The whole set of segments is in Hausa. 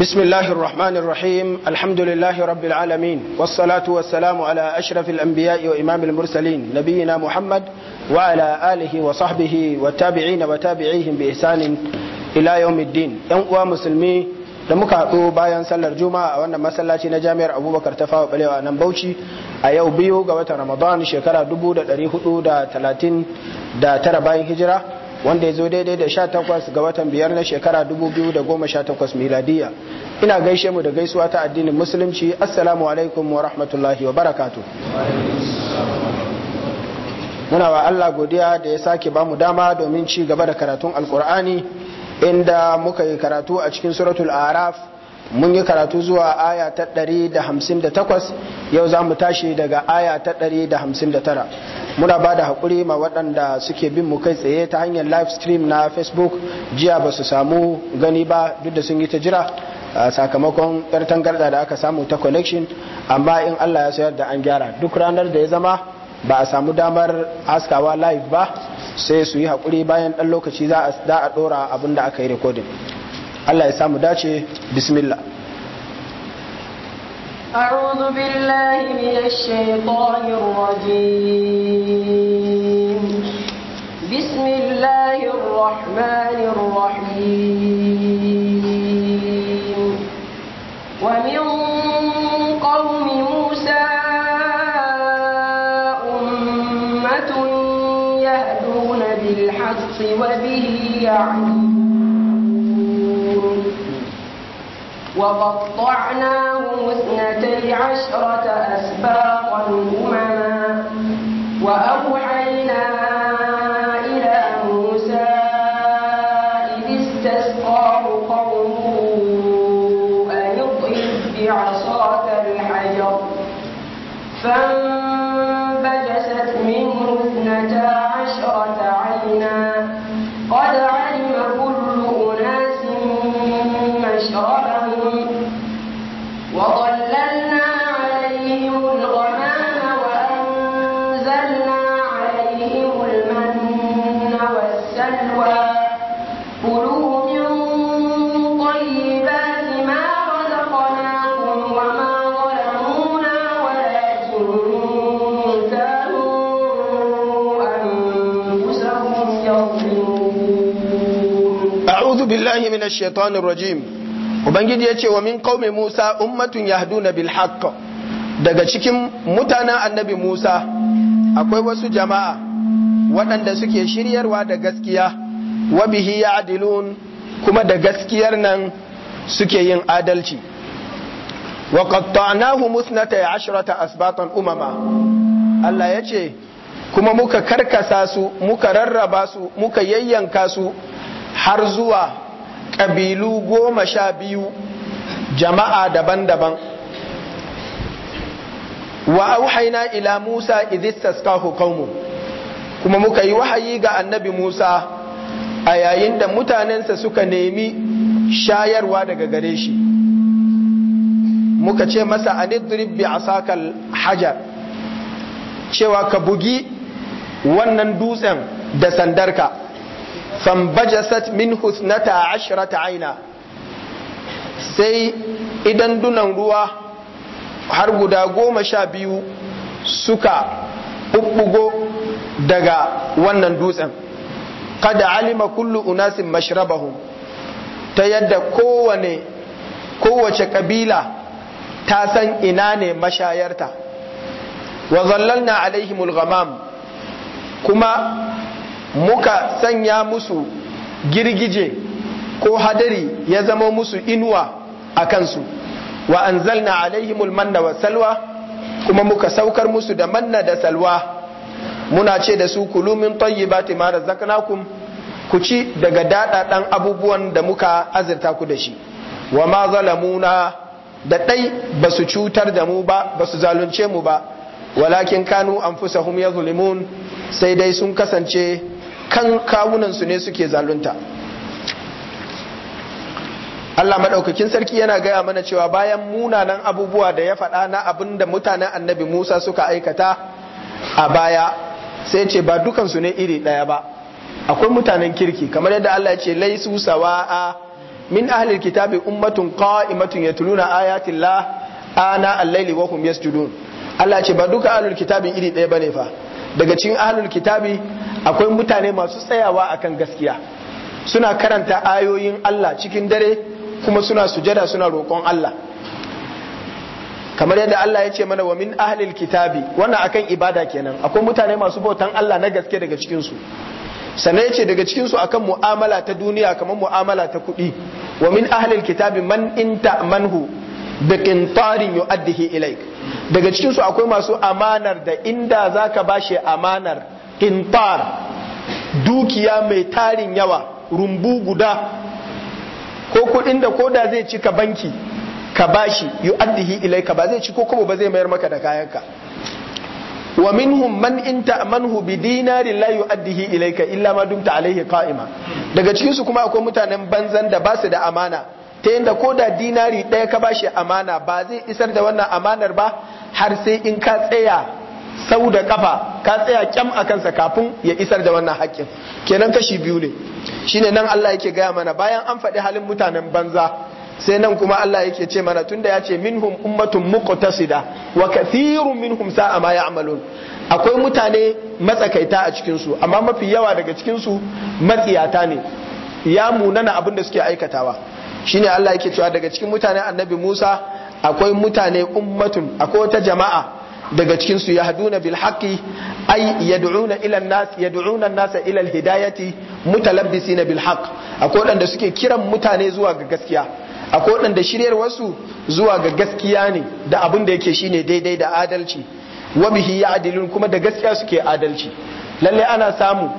بسم الله الرحمن الرحيم الحمد لله رب العالمين والصلاة والسلام على أشرف الأنبياء وإمام المرسلين نبينا محمد وعلى آله وصحبه والتابعين وتابعيهم بإحسان إلى يوم الدين ينقوى مسلمي da muka haɗu bayan sallar juma'a a wannan masallaci na jami'ar abubakar ta fawa balewa nan bauchi a yau biyu ga watan ramadan shekara 1439 bayan hijira wanda ya zo daidai da 18 ga watan biyar na shekara 2018 miladiya ina gaishe mu da gaisuwa ta addinin musulunci assalamu alaikum wa rahmatullahi wa barakatu muna wa Allah godiya da ya sake bamu dama domin ci gaba da karatun alkur'ani inda muka yi karatu a cikin suratul araf mun yi karatu zuwa aya ta ɗari da da hamsin 158 yau za mu tashi daga aya ta 159 muna ba da haƙuri ma waɗanda suke bin mu kai tsaye ta hanyar live stream na facebook jiya ba su samu gani ba duk da sun yi ta jira sakamakon yar tangarda da aka samu ta connection amma in allah ya sayar da an gyara duk ranar da ya zama ba a samu damar askawa live ba sai su yi haƙuri bayan ɗan lokaci za a ɗora abin da aka yi recording Allah ya samu dace bismillah أعوذ بالله من الشيطان الرجيم بسم الله الرحمن الرحيم ومن قوم موسى أمة يهدون بالحق وبه يعلمون وقطعناهم اثنتي عشرة أسباب الشيطان الرجيم rajim ubangiji yace wa min qaumi musa ummatun daga cikin mutanen annabi musa akwai wasu jama'a waɗanda suke shiryarwa da gaskiya wa bihi ya'dilun kuma da gaskiyar nan suke yin adalci wa qatta'nahu musnata ashrata asbatan umama Allah yace kuma muka karkasa su muka rarraba su muka yayyanka su har zuwa ƙabilu goma sha biyu jama'a daban-daban wa auhaina ila musa idistasqahu qaumu kuma muka yi wahayi ga annabi musa a yayin da mutanensa suka nemi shayarwa daga gare shi muka ce masa anidrib bi asakal hajar cewa ka bugi wannan dutsen da sandarka fambajasat min husnata ashrata aina sai idan dunan ruwa har guda goma sha biyu suka ɓuɓɓugo daga wannan dutsen kada alima kullu unasin mashrabahum ta yadda kowane kowace kabila ta san ina ne mashayarta wa zallalna alaihimul ghamam kuma muka sanya musu girgije ko hadari ya zama musu inuwa a kansu wa anzalna alaihimul manna wa salwa kuma muka saukar musu da manna da salwa muna ce da su kulumin ba tayyibati ma razaqnakum ku ci daga dadadan abubuwan da muka azurta ku da shi wa ma zalamuna da dai basu cutar da mu ba basu zalunce mu ba walakin kanu anfusahum yazlimun sai dai sun kasance kan kawunansu ne suke zalunta Allah maɗaukakin sarki yana gaya mana cewa bayan munanan abubuwa da ya faɗa na abin da mutanen annabi Musa suka aikata a baya sai ce ba dukansu ne iri ɗaya ba akwai mutanen kirki kamar yadda Allah ya ce laisu sawa'a min ahlil kitabi ummatun qa'imatun yatluna ayatillah ana al-laili wa hum yasjudun Allah ce ba duka ahlul kitabin iri ɗaya bane fa daga cikin ahlul kitabi akwai mutane masu tsayawa akan gaskiya suna karanta ayoyin Allah cikin dare kuma suna sujada suna roƙon Allah kamar yadda Allah ya ce mana wa min ahlul kitabi wannan akan ibada kenan akwai mutane masu bautan Allah na gaske daga cikin su sannan ya ce daga cikin su akan mu'amala ta duniya kamar mu'amala ta kuɗi wa min ahlul kitabi man in ta'manhu da qintarin addihi ilaik daga cikin su akwai masu amanar da inda zaka bashi amanar kintar dukiya mai tarin yawa rumbu guda ko kudin da koda zai ci ka banki ka bashi ilai ka. ba zai ci ko kuma ba zai mayar maka da kayanka wa minhum man in ta'manhu bi dinarin la yu'addihi ilaika illa ma dumta alayhi qa'ima daga cikin su kuma akwai mutanen banzan da basu da amana ta yadda ko da dinari ɗaya ka bashi amana ba zai isar da wannan amanar ba har sai in ka tsaya sau da kafa ka tsaya kyam a kansa kafin ya isar da wannan haƙƙin kenan kashi biyu ne shine nan Allah yake gaya mana bayan an faɗi halin mutanen banza sai nan kuma Allah yake ce mana tun da ya ce minhum ummatun muqtasida wa kathirun minhum sa'a ma ya'malun akwai mutane matsakaita a cikinsu amma mafi yawa daga cikin su matsiyata ne ya munana abin da suke aikatawa shine Allah yake cewa daga cikin mutane annabi Musa akwai mutane ummatun akwai wata jama'a daga cikin su yahduna bil haqqi ay yad'una ila an-nas yad'una an-nas ila al-hidayati mutalabbisina bil haqq akwai wadanda suke kiran mutane zuwa ga gaskiya akwai wadanda shiryar wasu zuwa ga gaskiya ne da abin da yake shine daidai da adalci wa bihi ya'dilun kuma da gaskiya suke adalci lalle ana samu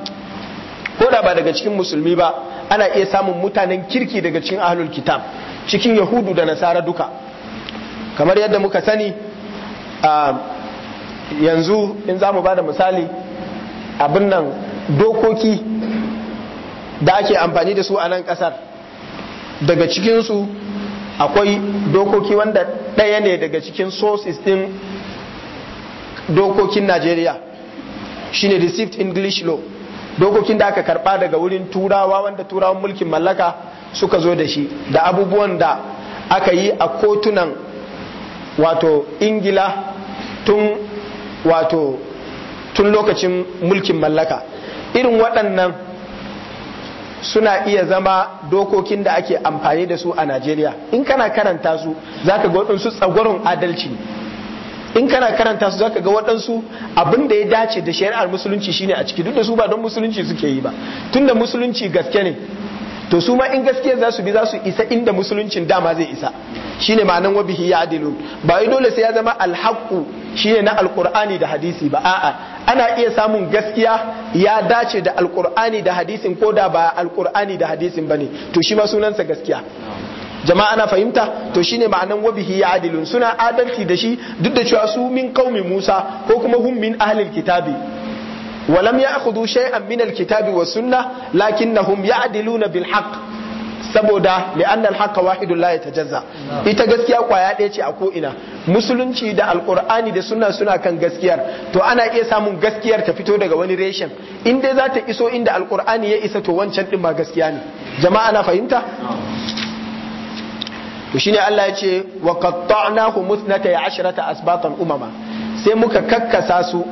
ko da ba daga cikin musulmi ba ana iya samun mutanen kirki daga cikin ahlul kitab cikin yahudu da nasara duka kamar yadda muka sani a yanzu in za mu ba da misali abin nan dokoki da ake amfani da su a nan kasar daga cikinsu akwai dokoki wanda ɗaya ne daga cikin sources ɗin dokokin najeriya shine received english law dokokin da aka karba daga wurin turawa wanda turawan mulkin mallaka suka zo da shi da abubuwan da aka yi a kotunan wato ingila tun wato tun lokacin mulkin mallaka irin waɗannan suna iya zama dokokin da ake amfani da su a najeriya in kana karanta su za ka ga waɗansu tsagwaron adalci in kana karanta su zaka ga waɗansu abin da ya dace da shari'ar musulunci shine a ciki duk da su ba don musulunci suke yi ba tunda musulunci gaske ne to su ma in gaskiya za su bi za su isa inda musuluncin dama zai isa shine ma'anan wa bihi ya'dilun ba yi dole sai ya zama alhaqu shine na alqur'ani da hadisi ba a'a ana iya samun gaskiya ya dace da alqur'ani da hadisin ko da ba alqur'ani da hadisin bane to shi ma sunansa gaskiya jama'a na fahimta to shine ma'anan wabihi ya adilun suna adalci da shi duk da cewa su min qaumi Musa ko kuma hum min ahlil kitabi walam ya'khudhu shay'an min alkitabi wa sunnah lakinnahum ya'diluna bil haqq saboda anna al-haqq wahidun la yatajazza ita gaskiya kwaya ɗaya ce a ko ina musulunci da alqur'ani da sunna suna kan gaskiyar to ana iya samun gaskiyar ta fito daga wani reshen in dai za iso inda alqur'ani ya isa to wancan din ba gaskiya ne jama'a na fahimta to shine Allah ya ce wa qatta'nahu musnatay ashrata asbatan umama sai muka kakkasa su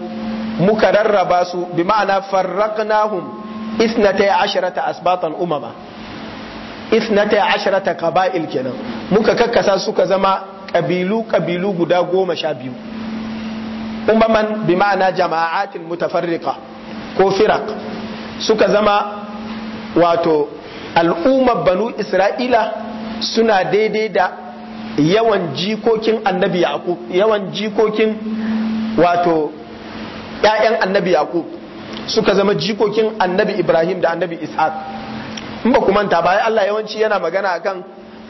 muka rarraba su bi ma'ana farraqnahum isnatay ashrata asbatan umama isnatay ashirata qaba'il kenan muka kakkasa suka zama kabilu kabilu guda goma sha biyu umaman bi ma'ana jama'atin mutafarriqa ko firaq suka zama wato al'umma banu isra'ila suna daidai da yawan jikokin annabi yaqub yawan jikokin wato ƴaƴan annabi yaqub suka zama jikokin annabi ibrahim da annabi ishaq in ba ku manta bayan Allah yawanci yana magana akan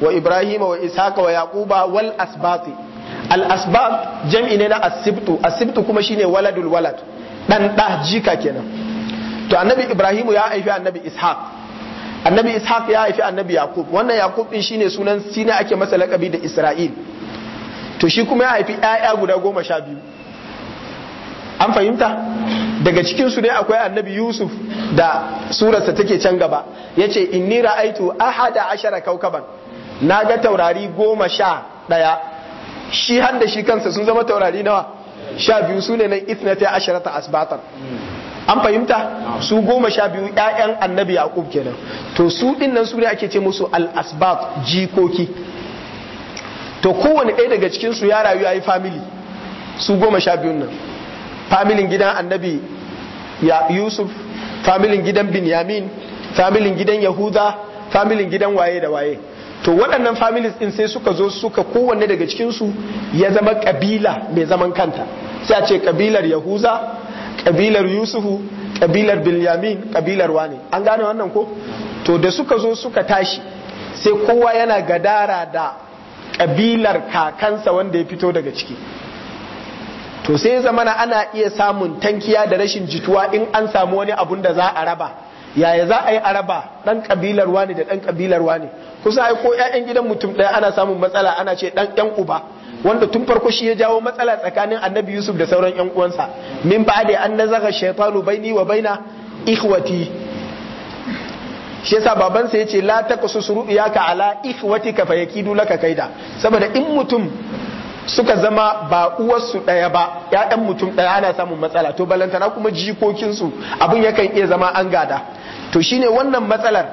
wa ibrahim wa ishaq wa yaquba wal asbati al asbat jam'i ne na asibtu asibtu kuma shine waladul walad dan da jika kenan to annabi ibrahim ya aifi annabi ishaq annabi ishaq ya haifi annabi yaqub wannan yaqub din shine sunan sina ake masa lakabi da isra'il to shi kuma ya haifi ƴaƴa guda goma sha biyu an fahimta daga cikin su ne akwai annabi yusuf da surarsa take can gaba yace inni ra'aitu ahada ashara kaukaban naga taurari goma sha ɗaya shi har da shi kansa sun zama taurari nawa sha biyu su ne nan ithnata asharata asbatan an fahimta su goma sha biyu ƴaƴan annabi yaqub kenan to su din nan su ne ake ce musu al asbab jikoki to kowane ɗaya daga cikin su ya rayu yayi family su goma sha biyun nan familin gidan annabi ya yusuf familin gidan binyamin familin gidan yahuda familin gidan waye da waye to waɗannan families ɗin sai suka zo suka kowanne daga cikinsu ya zama kabila mai zaman kanta sai a ce kabilar yahuza kabilar yusufu kabilar bilyamin kabilar wani an gane wannan ko to da suka zo suka tashi sai kowa yana gadara da kabilar kakansa wanda ya fito daga ciki to sai zamana ana iya samun tankiya da rashin jituwa in an samu wani abun da za a raba yaya za a yi a raba ɗan kabilar wani da ɗan kabilar wani kusa ai ko 'ya'yan gidan mutum ɗaya ana samun matsala ana ce dan yan uba wanda tun farko shi ya jawo matsala tsakanin annabi yusuf da sauran yan uwansa min ba da an nazaga shaytanu baini wa baina ikhwati shi yasa babansa yace la taqsus ru'yaka ala ka fayakidu laka kaida saboda in mutum suka zama ba uwarsu daya ba ‘ya'yan mutum ɗaya ana samun matsala to balantana kuma jikokinsu abun yakan iya zama an gada to shine wannan matsalar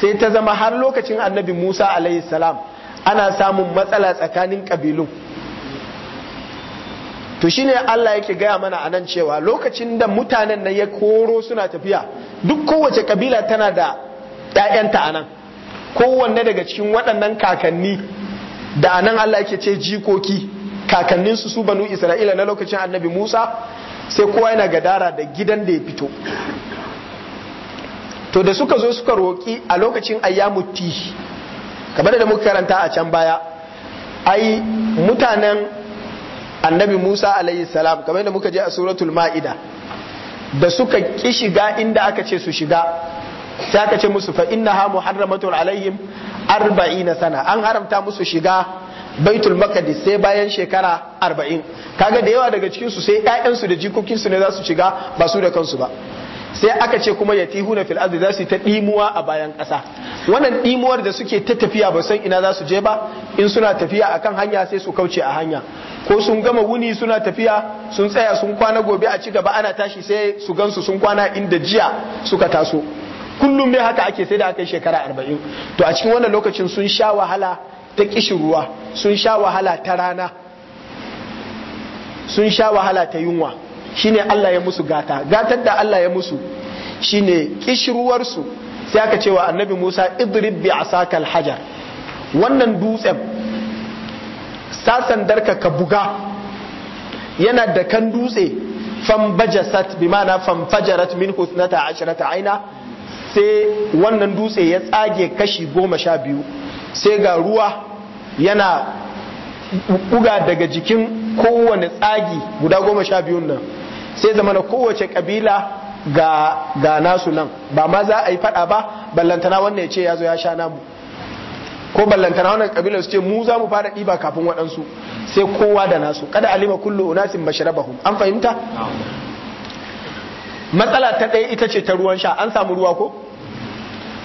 sai ta zama har lokacin annabi musa alayhi salam ana samun matsala tsakanin ƙabilun to shine Allah yake gaya mana anan cewa lokacin da mutanen nan ya koro suna tafiya duk kowace kabila tana da ‘ya'yanta anan kowanne daga cikin waɗannan kakanni da anan Allah yake ce jikoki kakanninsu su banu Isra'ila na lokacin annabi Musa sai kowa yana gadara da gidan da ya fito to da suka zo suka roƙi a lokacin ayyamuti kamar da muka karanta a can baya ai mutanen annabi Musa alayhi salam kamar da muka je a suratul ma'ida da suka ki shiga inda aka ce su shiga sai aka ce musu fa innaha muharramatun alaihim arba'ina sana an haramta musu shiga baitul maqdis sai bayan shekara arba'in kaga da yawa daga cikin su sai ƴaƴansu da jikokinsu ne za su shiga ba su da kansu ba sai aka ce kuma ya fil ardi zasu ta dimuwa a bayan kasa wannan dimuwar da suke ta tafiya ba san ina zasu je ba in suna tafiya akan hanya sai su kauce a hanya ko sun gama wuni suna tafiya sun tsaya sun kwana gobe a ci gaba ana tashi sai su gansu sun kwana inda jiya suka taso kullum mai haka ake sai da aka shekara arba'in to a cikin wannan lokacin sun sha wahala ta ruwa sun sha wahala ta rana sun sha wahala ta yunwa shine Allah ya musu gata gatar da Allah ya musu shine kishruwarsu sai aka cewa annabi Musa idrib bi asakal hajar wannan dutsen sasan darka ka buga yana da kan dutse fambajasat bi ma'ana famfajarat min husnata ashrata aina sai wannan dutse ya tsage kashi goma sha biyu sai ga ruwa yana buga daga jikin kowane tsagi guda goma sha biyun nan sai zama na kowace kabila ga nasu nan ba ma za a yi fada ba ballantana wannan ya ce ya zo ya sha namu ko ballantana wannan kabilar su ce mu za mu fara ɗiba kafin waɗansu sai kowa da nasu kada alima kullu unasin ba an fahimta matsala ta ɗaya ita ce ta ruwan sha an samu ruwa ko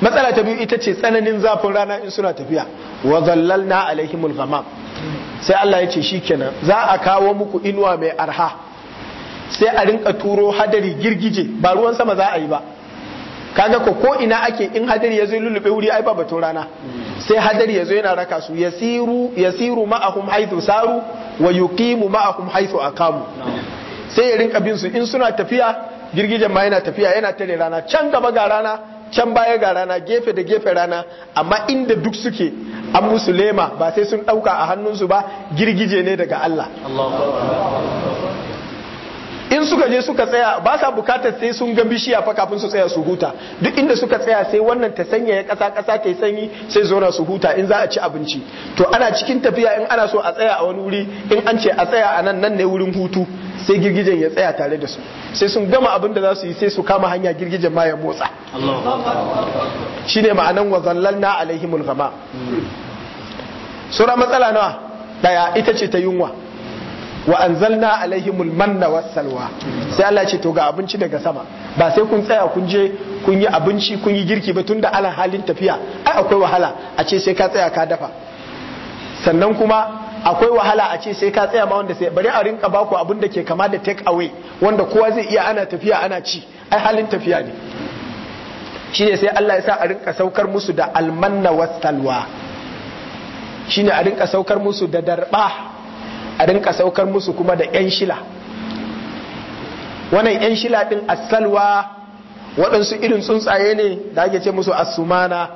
matsala ta biyu ita ce tsananin zafin rana in suna tafiya wa zallalna alaihimul ghamam sai Allah ya ce shi kenan za a kawo muku inuwa mai arha sai a rinka turo hadari girgije ba ruwan sama za a yi ba kaga ko ko ina ake in hadari ya zo lullube wuri ai ba batun rana sai hadari ya zo yana raka su yasiru yasiru ma'ahum haythu saru wa yuqimu ma'ahum haythu aqamu sai ya rinka bin su in suna tafiya girgijen ma yana tafiya yana tare rana can gaba ga rana can baya ga rana gefe da gefe rana amma inda duk suke an musu lema ba sai sun dauka a hannun su ba girgije ne daga Allah in suka je suka tsaya ba sa bukatar sai sun ga bishiya fa kafin su tsaya su huta duk inda suka tsaya sai wannan ta sanya ya kasa kasa ta sanyi sai zauna su huta in za a ci abinci to ana cikin tafiya in ana so a tsaya a wani wuri in an ce a tsaya a nan nan ne wurin hutu sai girgijen ya tsaya tare da su sai sun gama abin da za su yi sai su kama hanya girgijen ma ya motsa shine ma'anan wa zallalna alaihimul ghama hmm. sura matsala nawa daya ita ce ta yunwa wa anzalna alaihimul manna wassalwa sai Allah ce to ga abinci daga sama ba sai kun tsaya kun je kun yi abinci kun yi girki ba tunda ala halin tafiya ai akwai wahala a ce sai ka tsaya ka dafa sannan kuma akwai wahala a ce sai ka tsaya ma wanda sai bari a rinka baku abin da ke kama da take away wanda kowa zai iya ana tafiya ana ci ai halin tafiya ne shine sai Allah ya sa a rinka saukar musu da almanna wassalwa shine a rinka saukar musu da darba a rinka saukar musu kuma da yan shila wannan yan shila din asalwa waɗansu irin tsuntsaye ne da ake ce musu asumana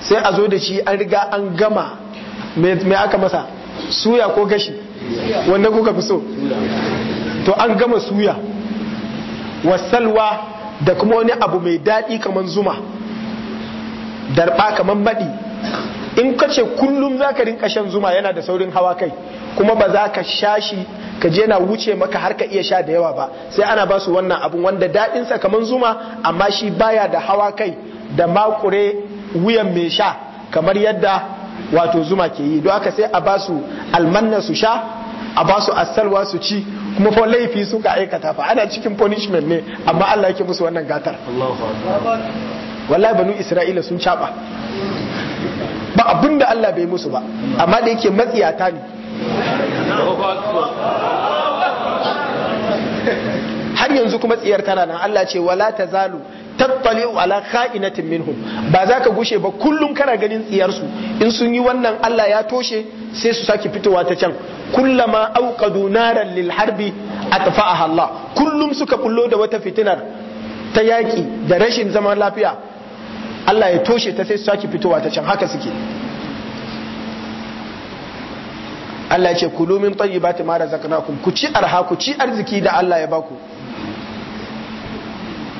sai a zo da shi an riga an gama me aka masa suya ko gashi wanda kuka fi so to an gama suya wasalwa da kuma wani abu mai daɗi kaman zuma darɓa kamar baɗi. in ka ce kullum za ka rinka shan zuma yana da saurin hawa kai kuma ba za ka sha shi ka je na wuce maka har ka iya sha da yawa ba sai ana ba su wannan abun wanda daɗin sa kaman zuma amma shi baya da hawa kai da makure wuyan mai sha kamar yadda wato zuma ke yi don haka sai a ba su almanna su sha a ba su asalwa su ci kuma fa laifi suka aikata fa ana cikin punishment ne amma Allah yake musu wannan gatar wallahi banu isra'ila sun caba ba abin da Allah bai musu ba amma da yake matsiyata ne har yanzu kuma tsiyar tana nan Allah ce wala tazalu tattali ala kha'inatin minhum ba za ka gushe ba kullum kana ganin tsiyarsu in sun yi wannan Allah ya toshe sai su sake fitowa ta can kullama auqadu naran lil harbi a Allah kullum suka bullo da wata fitinar ta yaki da rashin zaman lafiya Allah ya toshe ta sai su saki fitowa ta can haka suke Allah ya ce kulu min tayyibati ma razaqnakum ku ci arha ku ci arziki da Allah ya baku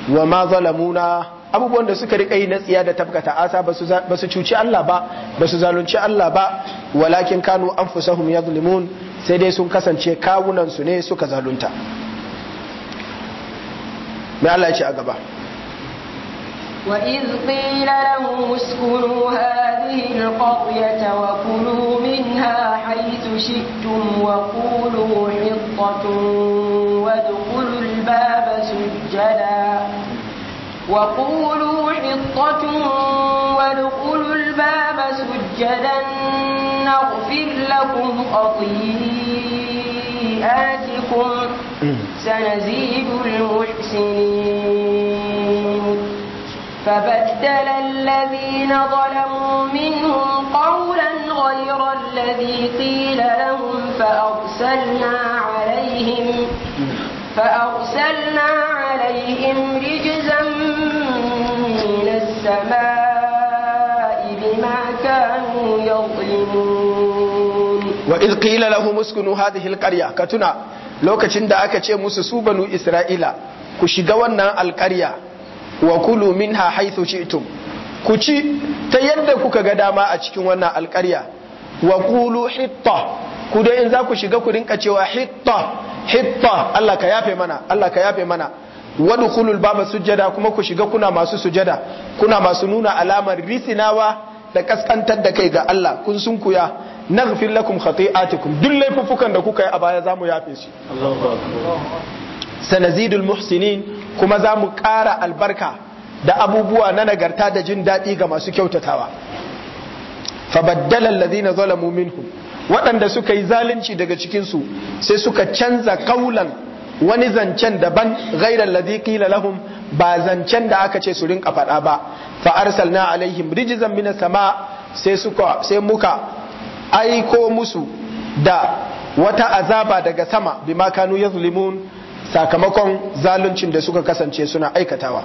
wa ma zalamuna abubuwan da suka rika yi na tsiya da tabkata asa ba su cuci Allah ba ba su zalunci Allah ba walakin kanu anfusahum yazlimun sai dai sun kasance kawunan su ne suka zalunta mai Allah ya ce a gaba وإذ قيل له اسكنوا هذه القرية وكلوا منها حيث شئتم وقولوا حطة وادخلوا الباب سجدا وقولوا حطة وادخلوا الباب سجدا نغفر لكم خطيئاتكم سنزيد المحسنين فبدل الذين ظلموا منهم قولا غير الذي قيل لهم فأرسلنا عليهم فأرسلنا عليهم رجزا من السماء بما كانوا يظلمون وإذ قيل لهم اسكنوا هذه القرية كتنا لو كتن دا موسى مسسوبنوا إسرائيل كشدونا القرية wa kulu minha haythu shi'tum ku ci ta yadda kuka ga dama a cikin wannan alƙarya wa kulu hitta ku dai in za ku shiga ku rinka cewa hitta hitta Allah ka yafe mana Allah ka yafe mana wadkhulul baba sujada kuma ku shiga kuna masu sujada kuna masu nuna alamar risinawa da kaskantar da kai ga Allah kun sun kuya naghfir lakum khati'atikum duk laifukan da kuka yi a baya zamu yafe shi sanazidul muhsinin kuma za mu ƙara albarka da abubuwa na nagarta da jin daɗi ga masu kyautatawa fabaddala allazina zalamu minhum waɗanda suka yi zalunci daga cikinsu sai suka canza kaulan wani zancen daban ghairal ladhi qila lahum ba zancen da aka ce su rinka faɗa ba fa na alaihim rijzan minas sama sai sai muka aiko musu da wata azaba daga sama bima kanu yazlimun sakamakon zaluncin da suka kasance suna aikatawa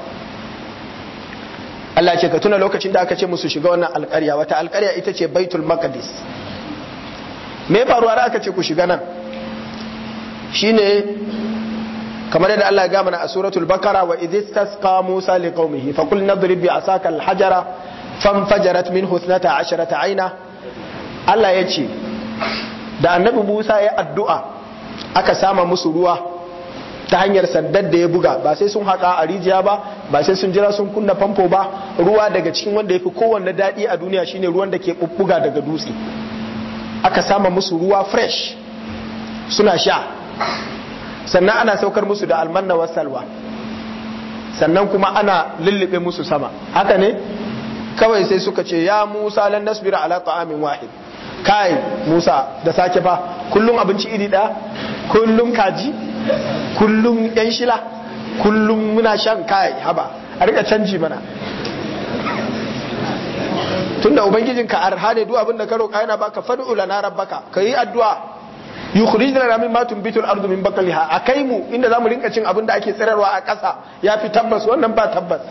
Allah ce ka tuna lokacin da aka ce musu shiga wannan alƙarya wata alƙarya ita ce baitul maqdis me faruwa da aka ce ku shiga nan shine kamar yadda Allah ya gama a suratul bakara wa idh istasqa musa liqaumihi fa qul nadrib bi asaka alhajara fanfajarat minhu 12 aina Allah ya ce da annabi Musa ya addu'a aka sama musu ruwa ta hanyar sandar da ya buga ba sai sun haka a rijiya ba ba sai sun jira sun kunna famfo ba ruwa daga cikin wanda fi kowanne daɗi a duniya shine ruwan da ke bubbuga daga dutse aka sama musu ruwa fresh suna sha sannan ana saukar musu da almanna wasalwa sannan kuma ana lullube musu sama haka ne kawai sai suka ce ya Musa lan nasbira ala ta'amin wahid kai Musa da sake fa kullum abinci iri ɗaya kullum kaji kullum yan shila kullum muna shan kai haba a rika canji mana tunda ubangijin arha ne duk abin da ka roƙa yana baka fad'u lana rabbaka kayi addu'a yukhrij lana mimma tunbitu al-ardu min baqliha akai mu inda zamu rinka cin abin da ake tsirarwa a ƙasa ya fi tabbas wannan ba tabbas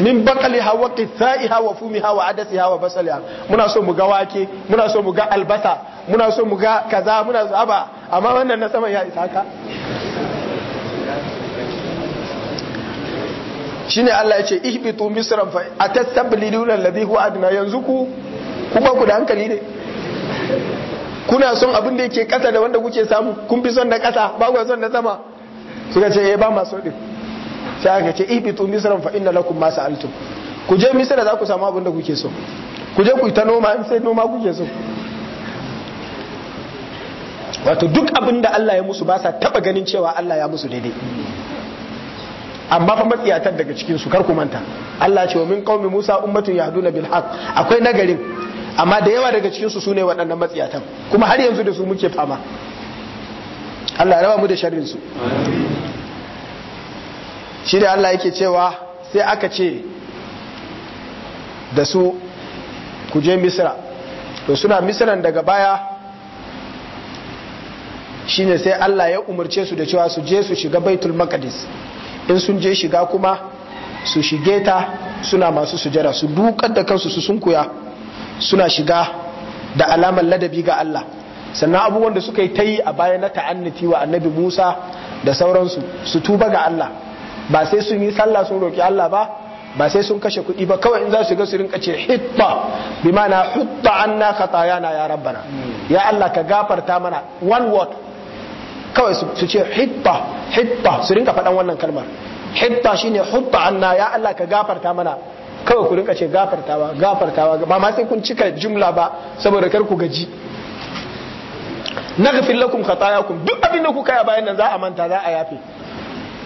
min baqaliha wa qithaiha wa fumiha wa adasiha wa basaliha muna so mu ga wake muna so mu ga albasa muna so mu ga kaza muna so aba amma wannan na saman ya isa ka shine Allah ya ce ihbitu misran fa atastabliduna alladhi huwa adna yanzu ku kuma ku da hankali ne kuna son abin da yake kasa da wanda kuke samu kun fi son na kasa ba ku son na sama suka ce eh ba ma so din sai aka ce ihbitu misran fa inna lakum ma sa'altum ku je misra za ku samu abin da kuke so ku je ku ta noma in sai noma kuke so wato duk abin da Allah ya musu ba sa taba ganin cewa Allah ya musu daidai amma fa matsiyatar daga cikin su kar ku manta Allah ce wa min qaumi Musa ummatun yahduna bil haqq akwai nagarin amma da yawa daga cikin su sune waɗannan matsiyatan kuma har yanzu da su muke fama Allah ya raba mu da sharrin su shi da Allah yake cewa sai aka ce da su ku misra to suna misran daga baya shine sai Allah ya umarce su da cewa su je su shiga baitul maqdis in sun je shiga kuma su shige ta suna masu sujada su dukar da kansu su sunkuya suna shiga da alamar ladabi ga Allah sannan abubuwan da suka yi ta yi a baya na ta'anniti wa annabi Musa da sauransu su tuba ga Allah ba sai sun yi sallah sun roki Allah ba ba sai sun kashe kuɗi ba kawai in za su ga su rinka ce hitta bi mana hutta anna khatayana ya rabbana hmm. ya Allah ka gafarta mana one word kawai su ce hitta hitta su rinka faɗan wannan kalmar hitta shine hutta anna ya Allah ka gafarta mana kawai ku rinka ce gafartawa gafartawa ba ma sai kun cika jumla ba saboda kar ku gaji naghfir lakum khatayakum duk abin da kuka yi bayan nan za a manta za a yafe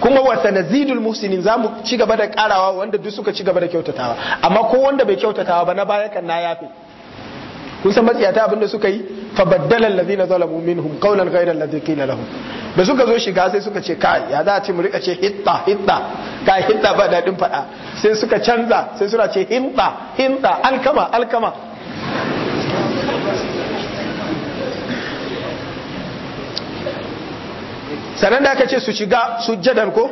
kuma wa sanazidul muhsinin zamu ci gaba da karawa wanda duk suka ci gaba da kyautatawa amma ko wanda bai kyautatawa ba na baya kan na yafe kun san matsiyata abin da suka yi fa baddala allazina zalamu minhum qawlan ghayra allazi qila lahum da suka zo shiga sai suka ce kai ya za a ce mu rika ce hitta hitta kai hitta ba dadin fada sai suka canza sai suna ce hinta hinta alkama alkama sannan da aka ce su shiga sujjadar ko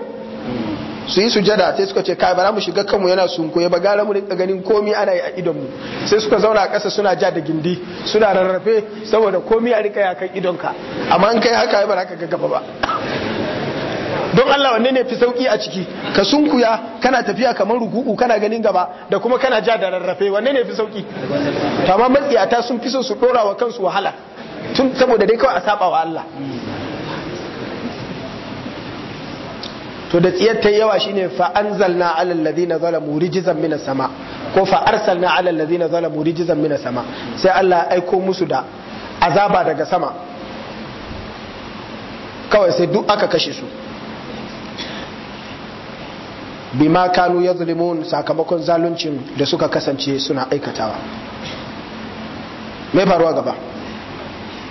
su yi sujada sai suka ce kai ba mu shiga kanmu yana sunkuye ba gara mu rinka ganin komi ana yi a idon mu sai suka zauna a ƙasa suna ja da gindi suna rarrafe saboda komi a rika yakan idon ka amma an kai haka ba ka ga gaba ba don Allah wanne ne fi sauki a ciki ka sunkuya kana tafiya kamar ruku'u kana ganin gaba da kuma kana ja da rarrafe wanne ne fi sauki amma matsiyata sun fi so su dora wa kansu wahala tun saboda dai kawai a saba wa Allah to da tsiyar ta yawa shine fa anzalna ala alladhina zalamu rijzan minas sama ko fa arsalna ala alladhina zalamu rijzan minas sama sai Allah ya aiko musu da azaba daga sama kawai sai duk aka kashe su bima kanu yazlimun sakamakon zaluncin da suka kasance suna aikatawa me faruwa gaba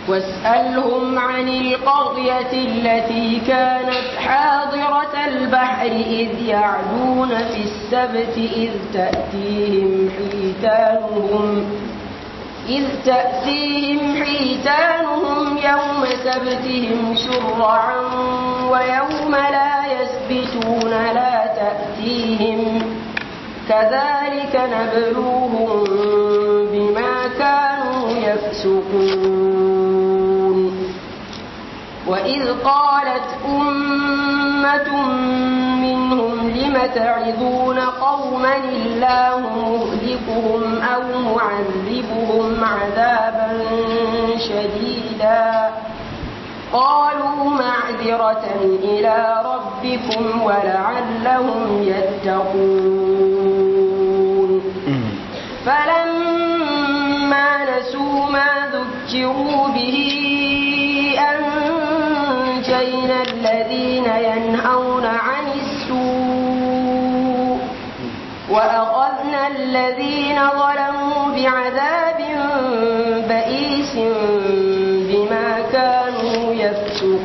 واسألهم عن القرية التي كانت حاضرة البحر إذ يعدون في السبت إذ تأتيهم حيتانهم إذ تأتيهم حيتانهم يوم سبتهم شرعا ويوم لا يسبتون لا تأتيهم كذلك نبلوهم بما كانوا يفسقون وإذ قالت أمة منهم لم تعظون قوما الله مهلكهم أو معذبهم عذابا شديدا قالوا معذرة إلى ربكم ولعلهم يتقون فلما نسوا ما ذكروا به أن بين الذين ينهون عن السوء وأخذنا الذين ظلموا بعذاب بئيس بما كانوا يفسقون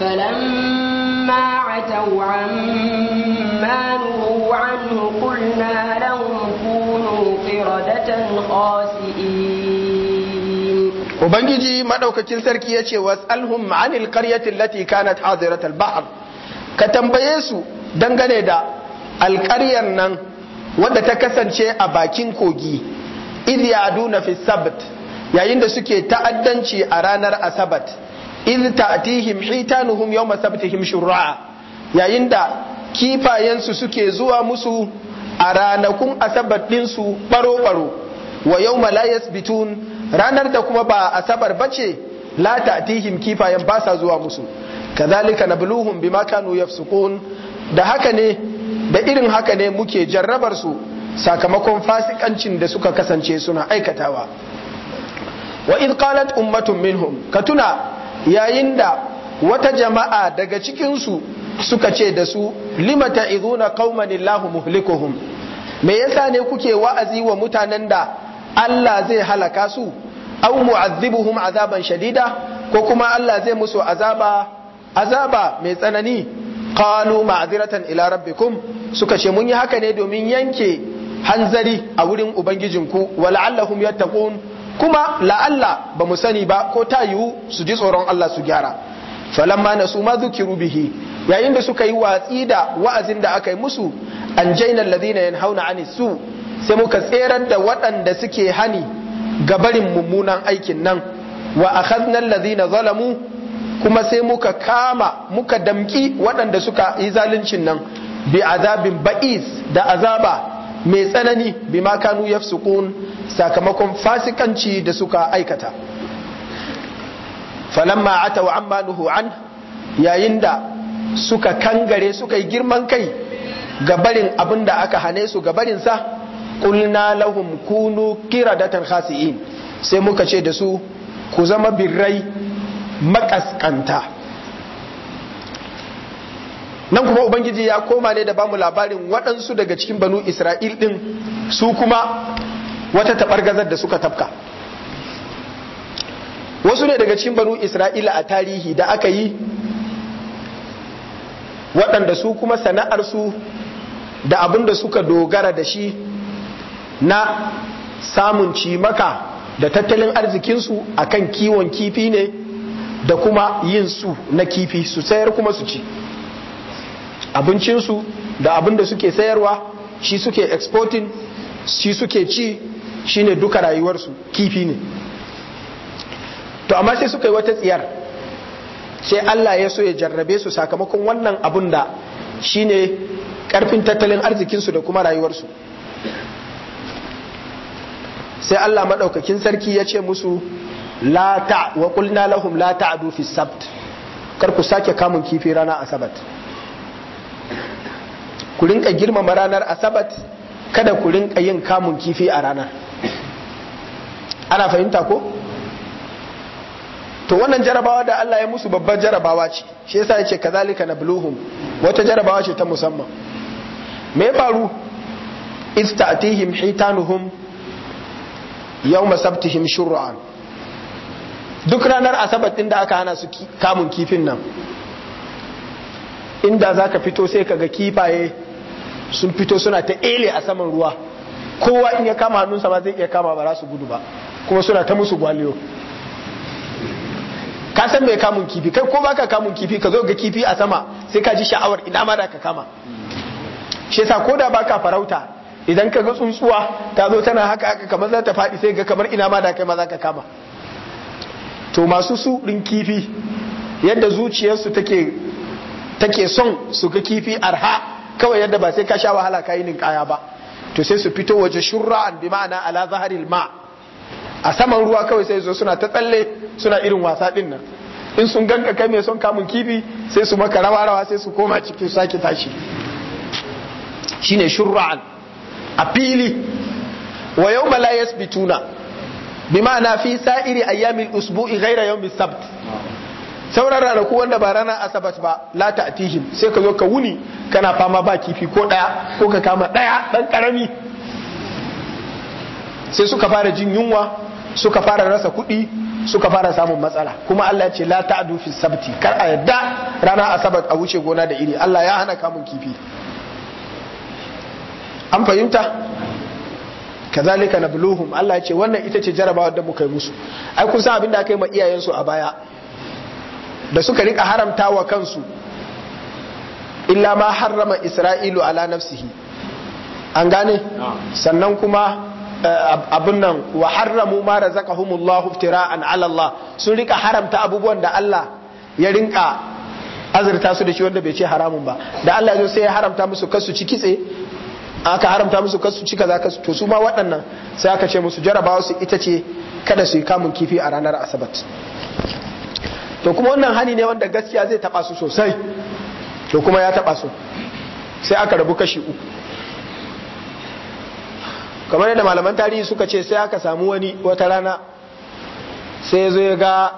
فلما عتوا عما نهوا عنه قلنا لهم كونوا قردة خاسرين ubangiji maɗaukacin sarki ya ce was'alhum anil qaryatin lati kanat hadirat al Bahar. ka tambaye su dangane da alƙaryar nan wadda ta kasance a bakin kogi idh ya'duna fi sabt yayin da suke ta'addanci a ranar asabat idh ta'tihim hitanuhum yawma sabtihim shur'a yayin da kifayensu suke zuwa musu a ranakun asabar ɗinsu ɓaro-ɓaro wa yau la yasbitun ranar da kuma ba asabar bace la ta'tihim kifayen ba sa zuwa musu kazalika nabluhum bima kanu yafsukun da haka ne da irin haka ne muke jarrabar su sakamakon fasikancin da suka kasance suna aikatawa wa id qalat ummatun minhum ka tuna yayin da wata jama'a daga cikin su suka ce da su limata izuna qauman illahu muhlikuhum me yasa ne kuke wa'azi wa mutanen da Allah zai halaka su aw mu'adhibuhum azaban shadida ko kuma Allah zai musu azaba azaba mai tsanani qalu ma'ziratan ila rabbikum suka ce mun yi haka ne domin yanke hanzari a wurin ubangijinku wala'allahum yattaqun kuma la'alla ba mu sani ba ko ta yiwu su ji tsoron Allah su gyara falamma nasu ma dhukiru bihi yayin da suka yi watsi da wa'azin da aka yi musu an jaina hau na anis su sai muka tserar da waɗanda suke hani ga barin mummunan aikin nan wa a lazi na zalamu kuma sai muka kama muka damki waɗanda suka yi zaluncin nan bi azabin ba'is da azaba mai tsanani bi ma kanu yafsukun sakamakon fasikanci da suka aikata falamma ataw amma nuhu an yayin da suka kangare suka yi girman kai ga barin abin da aka hane su ga barinsa qulna lahum kunu kiradatan khasi'in sai muka ce da su ku zama birrai makaskanta nan kuma ubangiji ya koma ne da bamu labarin waɗansu daga cikin banu isra'il ɗin su kuma wata taɓargazar da suka tafka wasu ne daga cikin banu isra'ila a tarihi da aka yi waɗanda su kuma sana'arsu da abin da suka dogara da shi na samun cimaka da tattalin arzikinsu akan kiwon kifi ne da kuma yin su na kifi su sayar kuma su ci abincinsu da abin da suke sayarwa shi suke exporting shi suke ci shi ne duka rayuwarsu kifi ne to amma sai suka yi wata tsiyar sai Allah ya so ya jarrabe su sakamakon wannan abun da shi ne ƙarfin tattalin arzikinsu da kuma rayuwarsu sai Allah maɗaukakin sarki ya ce musu la ta wa lahum la ta'du fi sabt kar ku sake kamun kifi rana asabat ku rinka girmama ranar asabat kada ku rinka yin kamun kifi a rana ana fahimta ko to wannan jarabawa da Allah ya musu babbar jarabawa ce shi yasa yace kazalika nabluhum wata jarabawa ce ta musamman me faru istatihim hitanuhum yau sabtihim shur'an duk ranar asabar din da aka hana su kamun kifin nan inda za ka fito sai kaga kifaye sun fito suna ta ele a saman ruwa kowa in ya kama hannunsa ba zai iya kama ba za su gudu ba kuma suna ta musu gwaliyo ka san mai kamun kifi kai ko baka kamun kifi ka zo ga kifi a sama sai ka ji sha'awar ina ma da ka kama shi yasa ko da baka farauta idan ka ga tsuntsuwa ta zo tana haka aka kamar za ta faɗi sai ga kamar ina ma da kai ma za ka kama to masu su ɗin kifi yadda zuciyarsu take son su ga kifi arha kawai yadda ba sai ka sha wahala ka yi ninkaya ba to sai su fito waje an bi ma'ana ala zaharil ma' a saman ruwa kawai sai zo suna ta tsalle suna irin wasa ɗin nan in sun ganka kai mai son kamun kifi sai su maka rawa rawa sai su koma cikin sake tashi shine shurra'an a fili wa yau la bituna bi ma'ana fi sa'iri ayami usbu'i ghaira yawmis sabt sauran ranaku wanda ba rana asabat ba la atihim sai ka zo ka wuni kana fama ba kifi ko daya ko ka kama daya dan karami sai suka fara jin yunwa suka fara rasa kuɗi suka fara samun matsala kuma Allah ce la ta'du fi sabti kar a yadda rana asabat a wuce gona da iri Allah ya hana kamun kifi an fahimta kazalika nabluhum Allah ya ce wannan ita ce jarabawar da muka yi musu ai kun abin da aka yi ma iyayensu a baya da suka rika haramta wa kansu illa ma harrama isra'ilu ala nafsihi an gane sannan kuma eh, abin nan wa harramu ma razaqahumullahu iftira'an ala Allah sun rika haramta abubuwan da Allah ya rinka azurta su da shi wanda bai ce haramun ba da Allah ya zo sai ya haramta musu kasu ci kitse aka haramta musu kasu cika za ka to su ma waɗannan sai aka ce musu jarabawa su ita ce kada su yi kamun kifi a ranar asabat to kuma wannan hani ne wanda gaskiya zai taɓa su sosai to kuma ya taɓa su sai aka rabu kashi uku kamar yadda malaman tarihi suka ce sai aka samu wani wata rana sai ya zo ya ga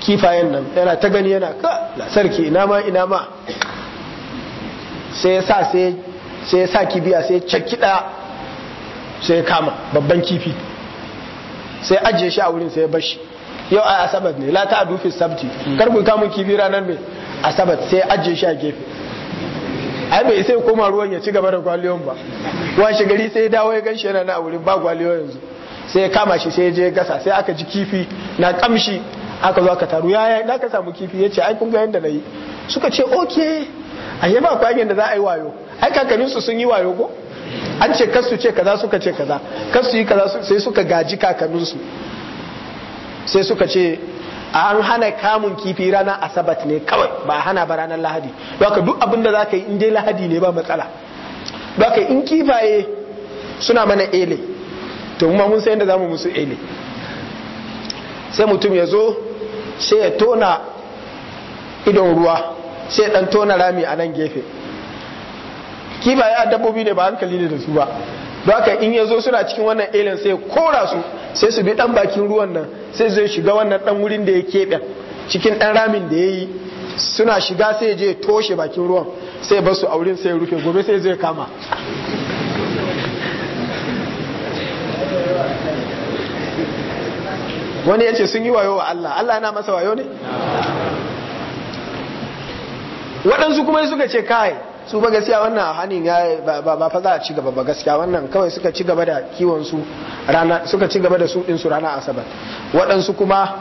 kifayen nan yana ta gani yana ka sarki ina ma ina ma sai ya sa sai sai ya sa kibiya sai ya cakkida sai ya kama babban kifi sai ajiye shi a wurin sai ya bashi yau a asabar ne Lata a dufin sabti kar kamun kifi ranar mai asabar sai ya ajiye shi a gefe ai bai sai koma ruwan ya ci gaba da gwaliyon ba washe gari sai ya dawo ya gan shi yana na wurin ba gwaliyo yanzu sai ya kama shi sai ya je gasa sai aka ji kifi na kamshi aka zo aka taru yaya na ka samu kifi ya ce ai kun ga yadda na yi suka ce ok. a ba kwagin da za a yi wayo ai kakanninsu sun yi wayo ko an ce kasu ce kaza suka ce kaza kasu yi kaza sai suka gaji kakanninsu sai suka ce an hana kamun kifi ranar asabat ne kawai ba hana ba ranar lahadi ka duk abinda za ka yi inda lahadi ne ba matsala ka in kifaye suna mana ele to kuma mun sai inda za mu musu ele sai mutum ya zo sai ya tona idon ruwa sai dan tona rami a nan gefe ki ya dabbobi ne ba hankali ne da su ba don haka in ya zo suna cikin wannan alien sai kora su sai su bi dan bakin ruwan nan sai zai shiga wannan dan wurin da ya keɓe cikin dan ramin da ya yi suna shiga sai je toshe bakin ruwan sai bar su a wurin sai rufe gobe sai zai kama wani ya ce sun yi wayo wa Allah Allah na masa wayo ne waɗansu kuma suka ce kai su ba gaskiya wannan hanin ya ba fa za a ci gaba ba gaskiya wannan kawai suka ci gaba da kiwon su rana suka ci gaba da su din su rana asabar waɗansu kuma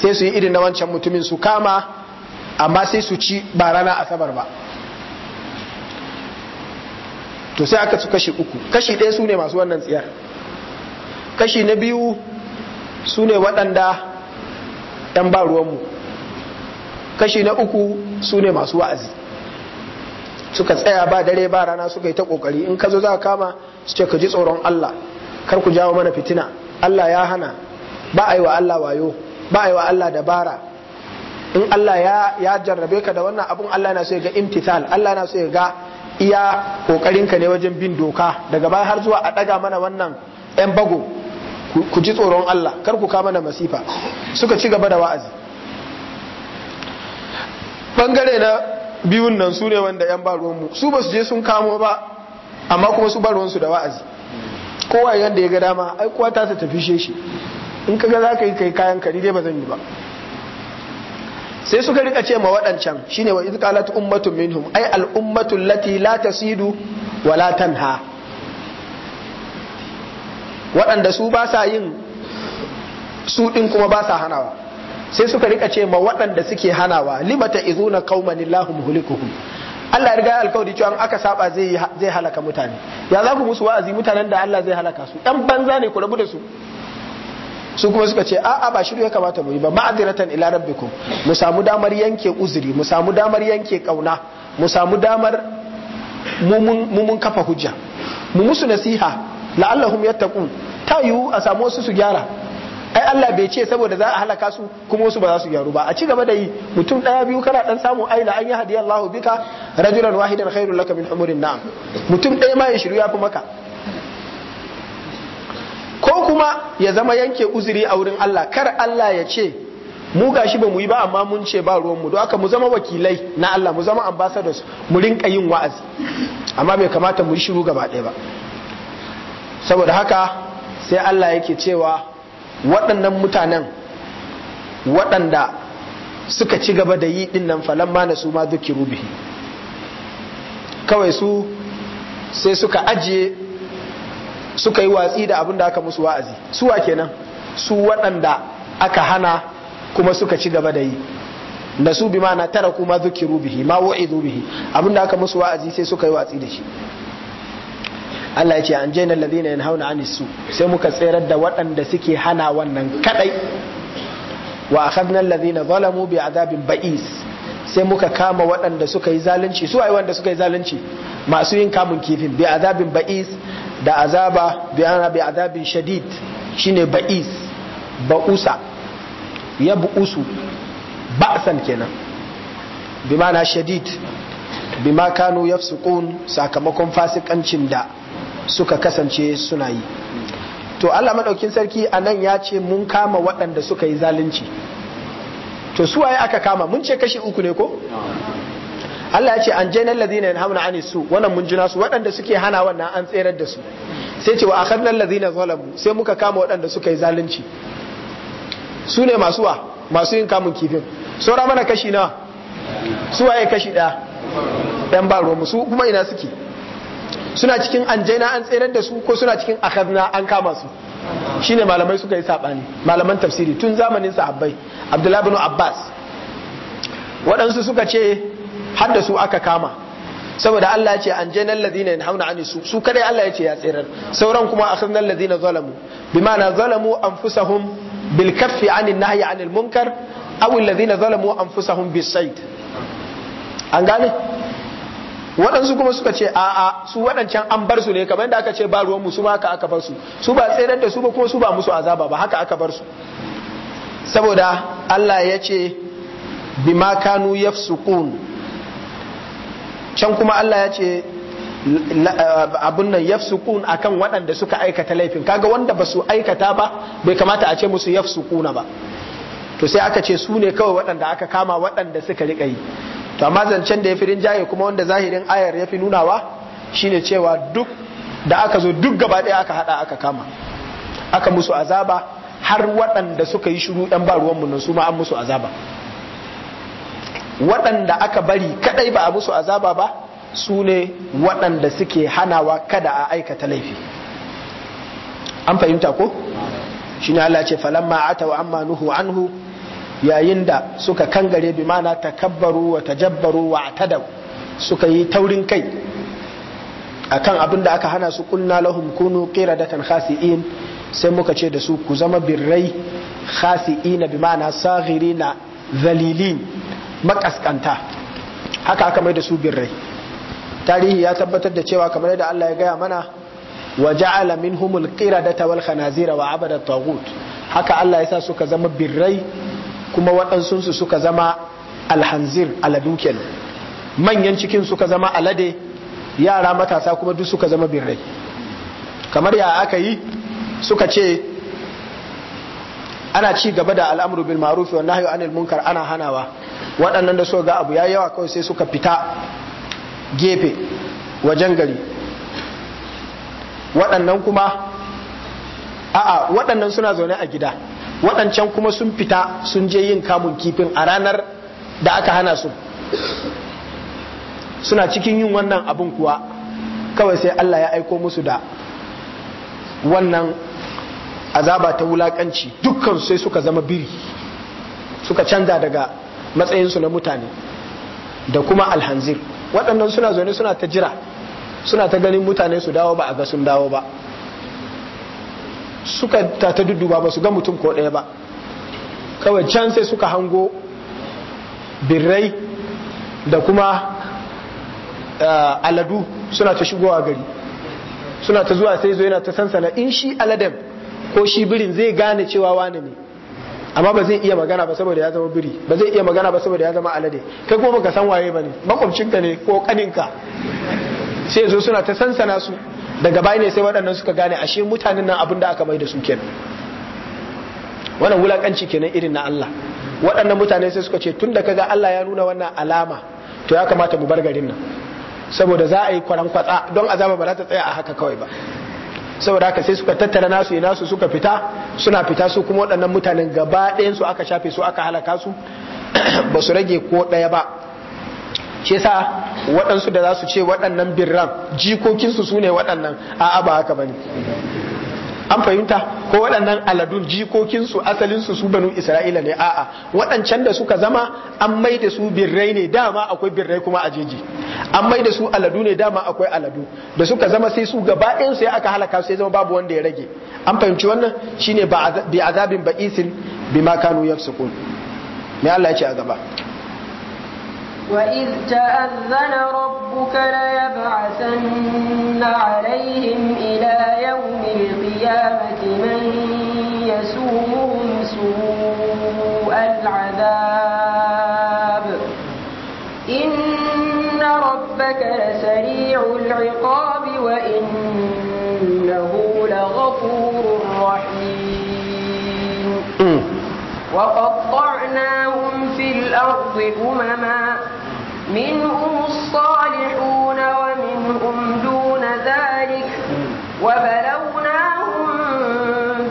sai su yi irin na wancan mutumin su kama amma sai su ci ba rana asabar ba to sai aka su kashi uku kashi ɗaya su ne masu wannan tsiyar kashi na biyu su ne waɗanda ‘yan ba ruwanmu kashi na uku su ne masu wa'azi suka tsaya ba dare ba rana suka yi ta kokari in ka zo za kama su ce ka ji tsoron Allah kar ku jawo mana fitina Allah ya hana ba a yi wa Allah wayo ba a yi wa Allah dabara in Allah ya ya jarrabe ka da wannan abun Allah na so ya ga imtithal Allah na so ya ga iya kokarin ka ne wajen bin doka daga baya har zuwa a daga mana wannan yan bago ku ji tsoron Allah kar ku kama mana masifa suka ci gaba da wa'azi bangare na biyun nan su ne wanda yan baruwanmu su ba su je sun kamo ba amma kuma su baruwansu da wa'azi kowa yadda ya ga dama ai kowa ta tafi shi in ka ga za ka yi kai kayan ka dai ba zan yi ba sai suka rika ce ma waɗancan shine wa idh qalat ummatun minhum ai al ummatu allati la tasidu wa la tanha waɗanda su ba sa yin su din kuma ba sa hanawa sai suka rika ce ma waɗanda suke hanawa limata izuna qauman illahu muhlikuhum Allah ya riga ya alkawari cewa aka saba zai zai halaka mutane ya za ku musu wa'azi mutanen da Allah zai halaka su dan banza ne ku rabu da su su kuma suka ce a'a ba shiru ya kamata mu yi ba ma'adiratan ila rabbikum mu samu damar yanke uzuri mu samu damar yanke kauna mu samu damar mun kafa hujja mu musu nasiha la'allahum yattaqun ta yu a samu wasu su gyara ai Allah bai ce saboda za a halaka su kuma wasu ba za su gyaru ba a ci gaba da yi mutum daya biyu kana dan samu aina an yi hadiya Allah bika rajulan wahidan khairul laka min umurin na'am mutum daya ma ya shiru ya fi maka ko kuma ya zama yanke uzuri a wurin Allah kar Allah ya ce mu gashi ba mu yi ba amma mun ce ba ruwan mu don haka mu zama wakilai na Allah mu zama ambassadors mu rinka yin wa'azi amma bai kamata mu shiru gaba ɗaya ba saboda haka sai Allah yake cewa waɗannan mutanen waɗanda suka ci gaba da yi dinnan ma na su ma duki rubihi kawai su sai suka ajiye suka yi watsi da abin da aka musu wa'azi suwa kenan su waɗanda aka hana kuma suka ci gaba da yi da su bi ma na tara kuma duki rubihi ma wa'idu bihi abin da aka musu wa'azi sai suka yi watsi da shi Allah ya ce an jaina alladhina yanhauna anis su sai muka tsayar da waɗanda suke hana wannan kadai wa akhadna alladhina zalamu bi adabin ba'is sai muka kama waɗanda suka yi zalunci su ai wanda suka yi zalunci masu yin kamun kifin bi azabin ba'is da azaba bi ana bi azabin shadid shine ba'is ba'usa ya bu'usu ba'san kenan bi ma'ana shadid bima kanu yafsukun sakamakon fasikancin da suka kasance suna yi to Allah maɗaukin sarki a nan ya ce mun kama waɗanda suka yi zalunci to su waye aka kama mun ce kashi uku ne ko Allah ya ce an jaina alladhina yanhauna anis su wannan mun jina su waɗanda suke hana wannan an tserar da su sai ce wa akhadna alladhina zalamu sai muka kama waɗanda suka yi zalunci su ne masu wa masu yin kamun kifin saura mana kashi na su waye kashi ɗaya ɗan ba ruwanmu su kuma ina suke suna cikin anjaina an tserar da su ko suna cikin akhadna an kama su shine malamai suka yi sabani malaman tafsiri tun zamanin sahabbai abdullahi bin abbas waɗansu suka ce har da su aka kama saboda Allah ya ce anjayna alladhina yanhauna ani su su kadai Allah ya ce ya tserar sauran kuma akhadna alladhina zalamu bimana zalamu anfusahum bil kaffi anin nahyi anil munkar aw alladhina zalamu anfusahum bis sayd an gane waɗansu kuma suka ce a'a su waɗancan an bar su ne kamar yadda aka ce ba ruwan mu su ma haka aka bar su su ba tsayar da su ba kuma su ba musu azaba ba haka aka bar su saboda Allah ya ce bima kanu yafsukun can kuma Allah ya ce eh, abun nan yafsukun akan waɗanda suka aikata laifin kaga wanda ba su aikata ba bai kamata a ce musu yafsukuna ba to sai aka ce su ne kawai waɗanda aka kama waɗanda suka riƙa yi to amma zancen da ya fi rinjaye kuma wanda zahirin ayar ya fi nunawa shine cewa duk da aka zo duk gaba ɗaya aka haɗa aka kama aka musu azaba har waɗanda suka yi shiru ɗan ba nan su ma an musu azaba waɗanda aka bari kadai ba a musu azaba ba su ne waɗanda suke hanawa kada a aikata laifi an fahimta ko shi ne Allah ce falamma atawa amma nuhu anhu yayin da suka kangare bi mana takabbaru wa tajabbaru wa atadaw suka yi taurin kai akan abin da aka hana su kunna lahum kunu qiradatan khasi'in sai muka ce da su ku zama birrai khasi'ina bi mana saghirina zalilin makaskanta haka aka mai da su birrai tarihi ya tabbatar da cewa kamar da Allah ya gaya mana wa ja'ala minhumul qiradata wal khanazira wa abada taghut haka Allah ya sa suka zama birrai kuma waɗansunsu suka zama alhanzir aladu manyan cikin suka zama alade yara matasa kuma duk suka zama birrai kamar ya aka yi suka ce ana ci gaba da al'amuru bil ma'ruf wa nahyu anil munkar ana hanawa waɗannan da suka ga abu yayi yawa kawai sai suka fita gefe wajen gari waɗannan kuma a'a waɗannan suna zaune a gida waɗancan kuma sun fita sun je yin kamun kifin a ranar da aka hana su suna cikin yin wannan abin kuwa kawai sai Allah ya aiko musu da wannan azaba ta wulakanci dukkan sai suka zama biri suka canza daga matsayinsu na mutane da kuma alhanzir waɗannan suna zaune suna ta jira suna ta ganin mutane su dawo ba a ga sun dawo ba suka ta ta dudduba ba su ga mutum ko ɗaya ba kawai can sai suka hango birrai da kuma eh, aladu suna ta shigowa gari suna ta zuwa sai zo yana ta sansana in shi aladen ko shi birin zai gane cewa wane ne amma ba zai iya magana ba saboda ya zama biri ba zai iya magana ba saboda ya zama alade kai kuma baka san waye ba ne makwabcinka ne ko kaninka sai zo suna ta sansana su daga baya ne sai waɗannan suka gane ashe mutanen nan abin da aka mai da su kenan wannan wulakanci kenan irin na Allah waɗannan mutane sai suka ce tun da kaga Allah ya nuna wannan alama to ya kamata mu bar garin nan saboda za a yi kwaran kwatsa don azaba ba za ta tsaya a haka kawai ba saboda haka sai suka tattara nasu ina su suka fita suna fita su kuma waɗannan mutanen gaba ɗayan su aka shafe su aka halaka su ba su rage ko ɗaya ba shi yasa waɗansu da za su ce waɗannan birran jikokinsu su ne waɗannan a'a ba haka ba ne. an fahimta ko waɗannan aladun jikokinsu asalinsu su banu isra'ila ne a'a waɗancan da suka zama an mai da su birrai ne dama akwai birrai kuma a jeji an mai da su aladu ne dama akwai aladu da suka zama sai su gaba ɗayan sai aka halaka sai zama babu wanda ya rage an fahimci wannan shine bi azabin ba'isin ma kanu yafsukun me Allah ya ce a gaba وإذ تأذن ربك ليبعثن عليهم إلى يوم القيامة من يسومهم سوء العذاب إن ربك لسريع العقاب وإنه لغفور رحيم وقطعناهم في الأرض أمما منهم الصالحون ومنهم دون ذلك وبلوناهم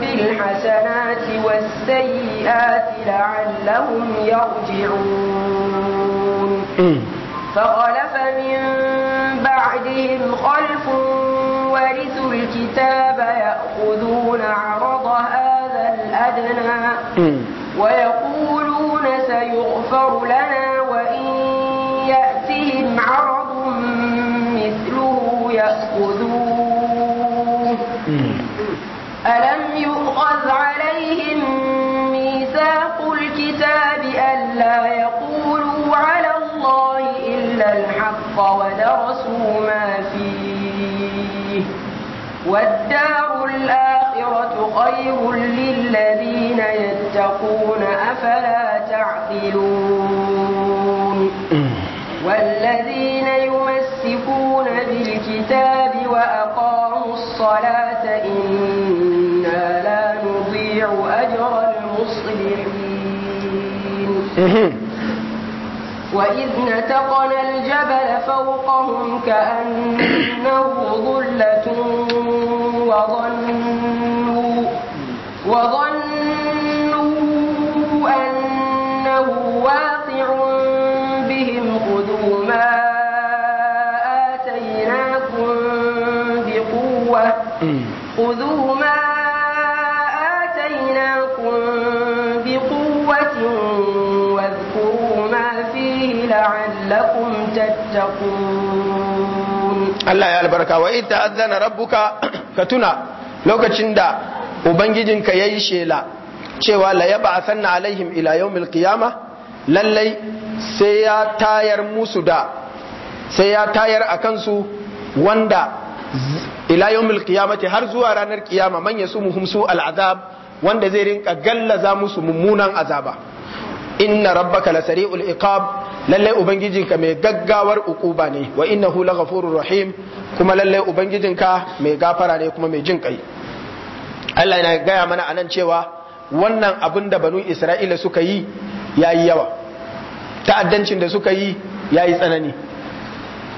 بالحسنات والسيئات لعلهم يرجعون فخلف من بعدهم خلف ورثوا الكتاب يأخذون عرض هذا الأدنى ويقولون سيغفر لنا خذوه ألم يؤخذ عليهم ميثاق الكتاب ألا يقولوا على الله إلا الحق ودرسوا ما فيه والدار الآخرة خير للذين يتقون أفلا تعقلون أمم. والذين الكتاب وأقاموا الصلاة إنا لا نضيع أجر المصلحين إيه. وإذ نتقنا الجبل فوقهم كأنه ظلة وظنوا وظنوا أنه واقع بهم خذوا ما خذوا ما آتيناكم بقوة واذكروا ما فيه لعلكم تتقون الله يا البركة وإن تأذن ربك كتنا لو كتشندا وبنجدك يا شيلا cewa la yab'athanna alaihim ila yawmil qiyamah lallai sai ya tayar musu da sai ya tayar a kansu wanda ila yawmil qiyamati har zuwa ranar kiyama man yasumuhum su al'azab wanda zai rinka gallaza musu mummunan azaba inna rabbaka lasari'ul iqab lalle ubangijinka mai gaggawar ukuba ne wa innahu laghafurur rahim kuma lalle ubangijinka mai gafara ne kuma mai jin kai Allah yana gaya mana anan cewa wannan abin da banu Isra'ila suka yi yayi yawa ta'addancin da suka yi yayi tsanani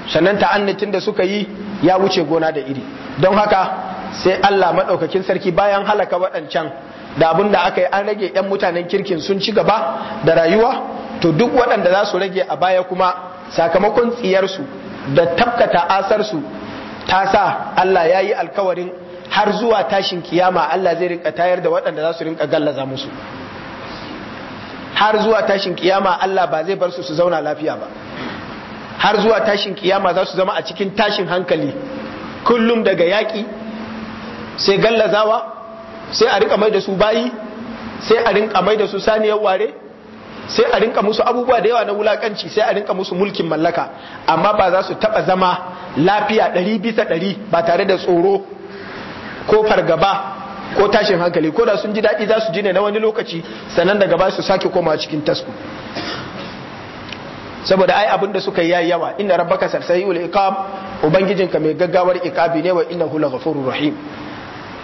sannan ta'annitin da suka yi ya wuce gona da iri don haka sai Allah maɗaukakin sarki bayan halaka waɗancan da abin da aka yi an rage 'yan mutanen kirkin sun ci gaba da rayuwa to duk waɗanda za su rage a baya kuma sakamakon tsiyarsu da tabkata asarsu ta sa Allah ya yi alkawarin har zuwa tashin kiyama Allah zai rinka tayar da waɗanda za su rinka gallaza musu har zuwa tashin kiyama Allah ba zai bar su su zauna lafiya ba har zuwa tashin kiyama za su zama a cikin tashin hankali kullum daga yaƙi sai gallazawa sai a rika mai da su bayi sai a rinka mai da su saniyar ware sai a rinka musu abubuwa da yawa na wulakanci sai a rinka musu mulkin mallaka amma ba za su taba zama lafiya ɗari bisa ɗari ba tare da tsoro ko fargaba ko tashin hankali ko da sun ji daɗi za su ji ne na wani lokaci sannan daga ba su sake komawa cikin tasku saboda ai abin da suka yi yawa inna rabbaka sarsayiul iqab ka mai gaggawar iqabi ne wa innahu laghafurur rahim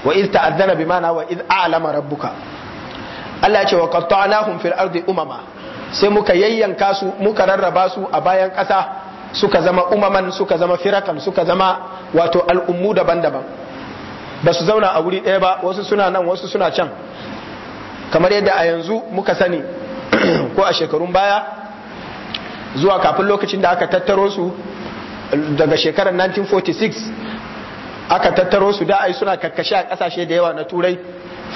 wa iz ta'azzana bimana wa iz a'lama rabbuka Allah ya ce wa qatta'nahum fil ardi umama sai muka yayyanka su muka rarraba su a bayan ƙasa suka zama umaman suka zama firakan suka zama wato al'ummu daban-daban ba su zauna a wuri ɗaya ba wasu suna nan wasu suna can kamar yadda a yanzu muka sani ko a shekarun baya zuwa kafin lokacin da aka tattaro su daga shekarar 1946 aka tattaro su da ai suna kakkashe a kasashe da yawa na turai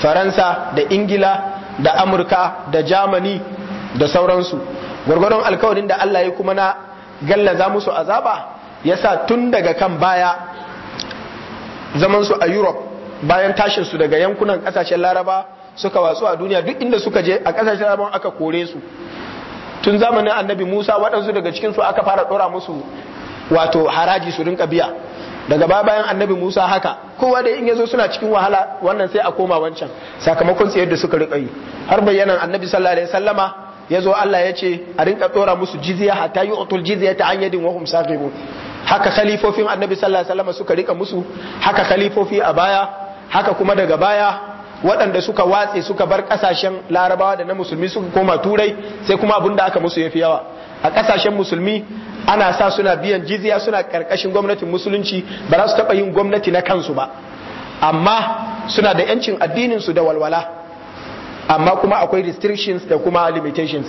faransa da ingila da amurka da germany da sauransu gwargwadon alkawarin da allah ya kuma na galla gallaza musu azaba ya sa tun daga kan baya zamansu a europe bayan tashin su daga yankunan kasashen laraba suka watsu a duniya duk inda suka je a kasashen laraba aka kore su tun zamanin annabi musa waɗansu daga cikinsu aka fara ɗora musu wato haraji su rinka biya daga ba bayan annabi musa haka kowa da in yazo suna cikin wahala wannan sai a koma wancan sakamakon tsayar da suka rika yi har bayanan annabi sallallahu alaihi wasallama yazo Allah ya ce a rinka ɗora musu jizya hatta yu'tul jizya ta anyadin wa hum haka khalifofin annabi sallallahu alaihi wasallama suka rika musu haka khalifofi a baya haka kuma daga baya waɗanda suka watse suka bar ƙasashen larabawa da na musulmi suka koma turai sai kuma abin da aka musu ya fi yawa a ƙasashen musulmi ana sa suna biyan jiziya suna ƙarƙashin gwamnatin musulunci ba za su taɓa yin gwamnati na kansu ba amma suna da yancin addininsu da walwala amma kuma akwai restrictions da kuma limitations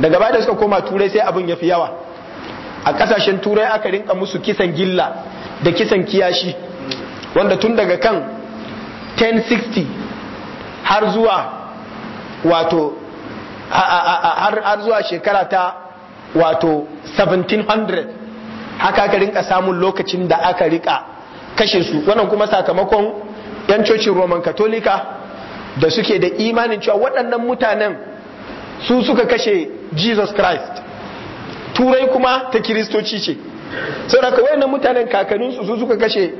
daga baya da suka koma turai sai abin ya fi yawa a ƙasashen turai aka rinka musu kisan gilla da kisan kiyashi wanda tun daga kan 1060 har zuwa wato har zuwa shekara ta wato 1700 haka aka rinka samun lokacin da aka rika kashe su wannan kuma sakamakon yan cocin roman katolika da suke da imanin cewa waɗannan mutanen su suka kashe jesus christ turai kuma ta kiristoci ce Sau da saboda wayannan mutanen kakanninsu su suka kashe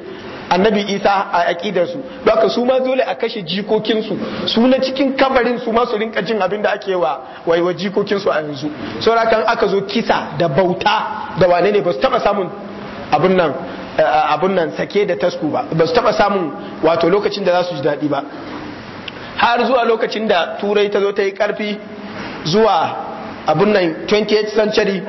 annabi isa a su haka su ma dole a kashe jikokinsu su na cikin kabarin su ma su rinka jin abin da ake wa waiwa jikokinsu a yanzu saurakan aka zo kisa da bauta da wane ne ba su taba samun abun nan eh, abun nan sake da tasku ba ba su taba samun wato lokacin da za su ji daɗi ba har zuwa lokacin da turai ta zo ta yi karfi zuwa abun nan 28th century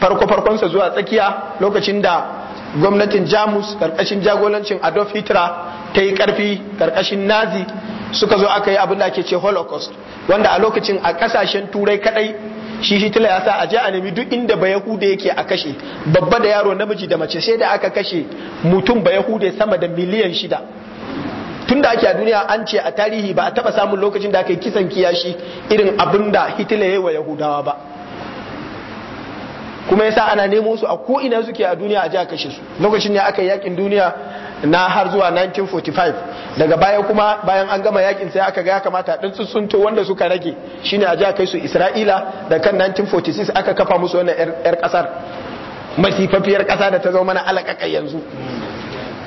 farko farkonsa zuwa tsakiya lokacin da gwamnatin jamus karkashin jagorancin adolf hitler ta yi karfi karkashin nazi suka zo aka yi abin da ake ce holocaust wanda a lokacin a kasashen turai kadai shi hitler ya sa a je a nemi duk inda ba yahuda yake a kashe babba da yaro namiji da mace sai da aka kashe mutum ba yahuda sama da miliyan shida tun da ake a duniya an ce a tarihi ba a taba samun lokacin da aka yi kisan kiyashi irin abin da hitler ya yi wa yahudawa ba kuma yasa ana nemo su a ko ina suke a duniya a ji a kashe su lokacin ne aka yakin duniya na har zuwa 1945 daga baya kuma bayan an gama yakin sai aka ga ya kamata din tsuntsunto wanda suka rage shine a ji a kai su Isra'ila da kan 1946 aka kafa musu wannan yar kasar masifafiyar ƙasa da ta zama mana alakakai yanzu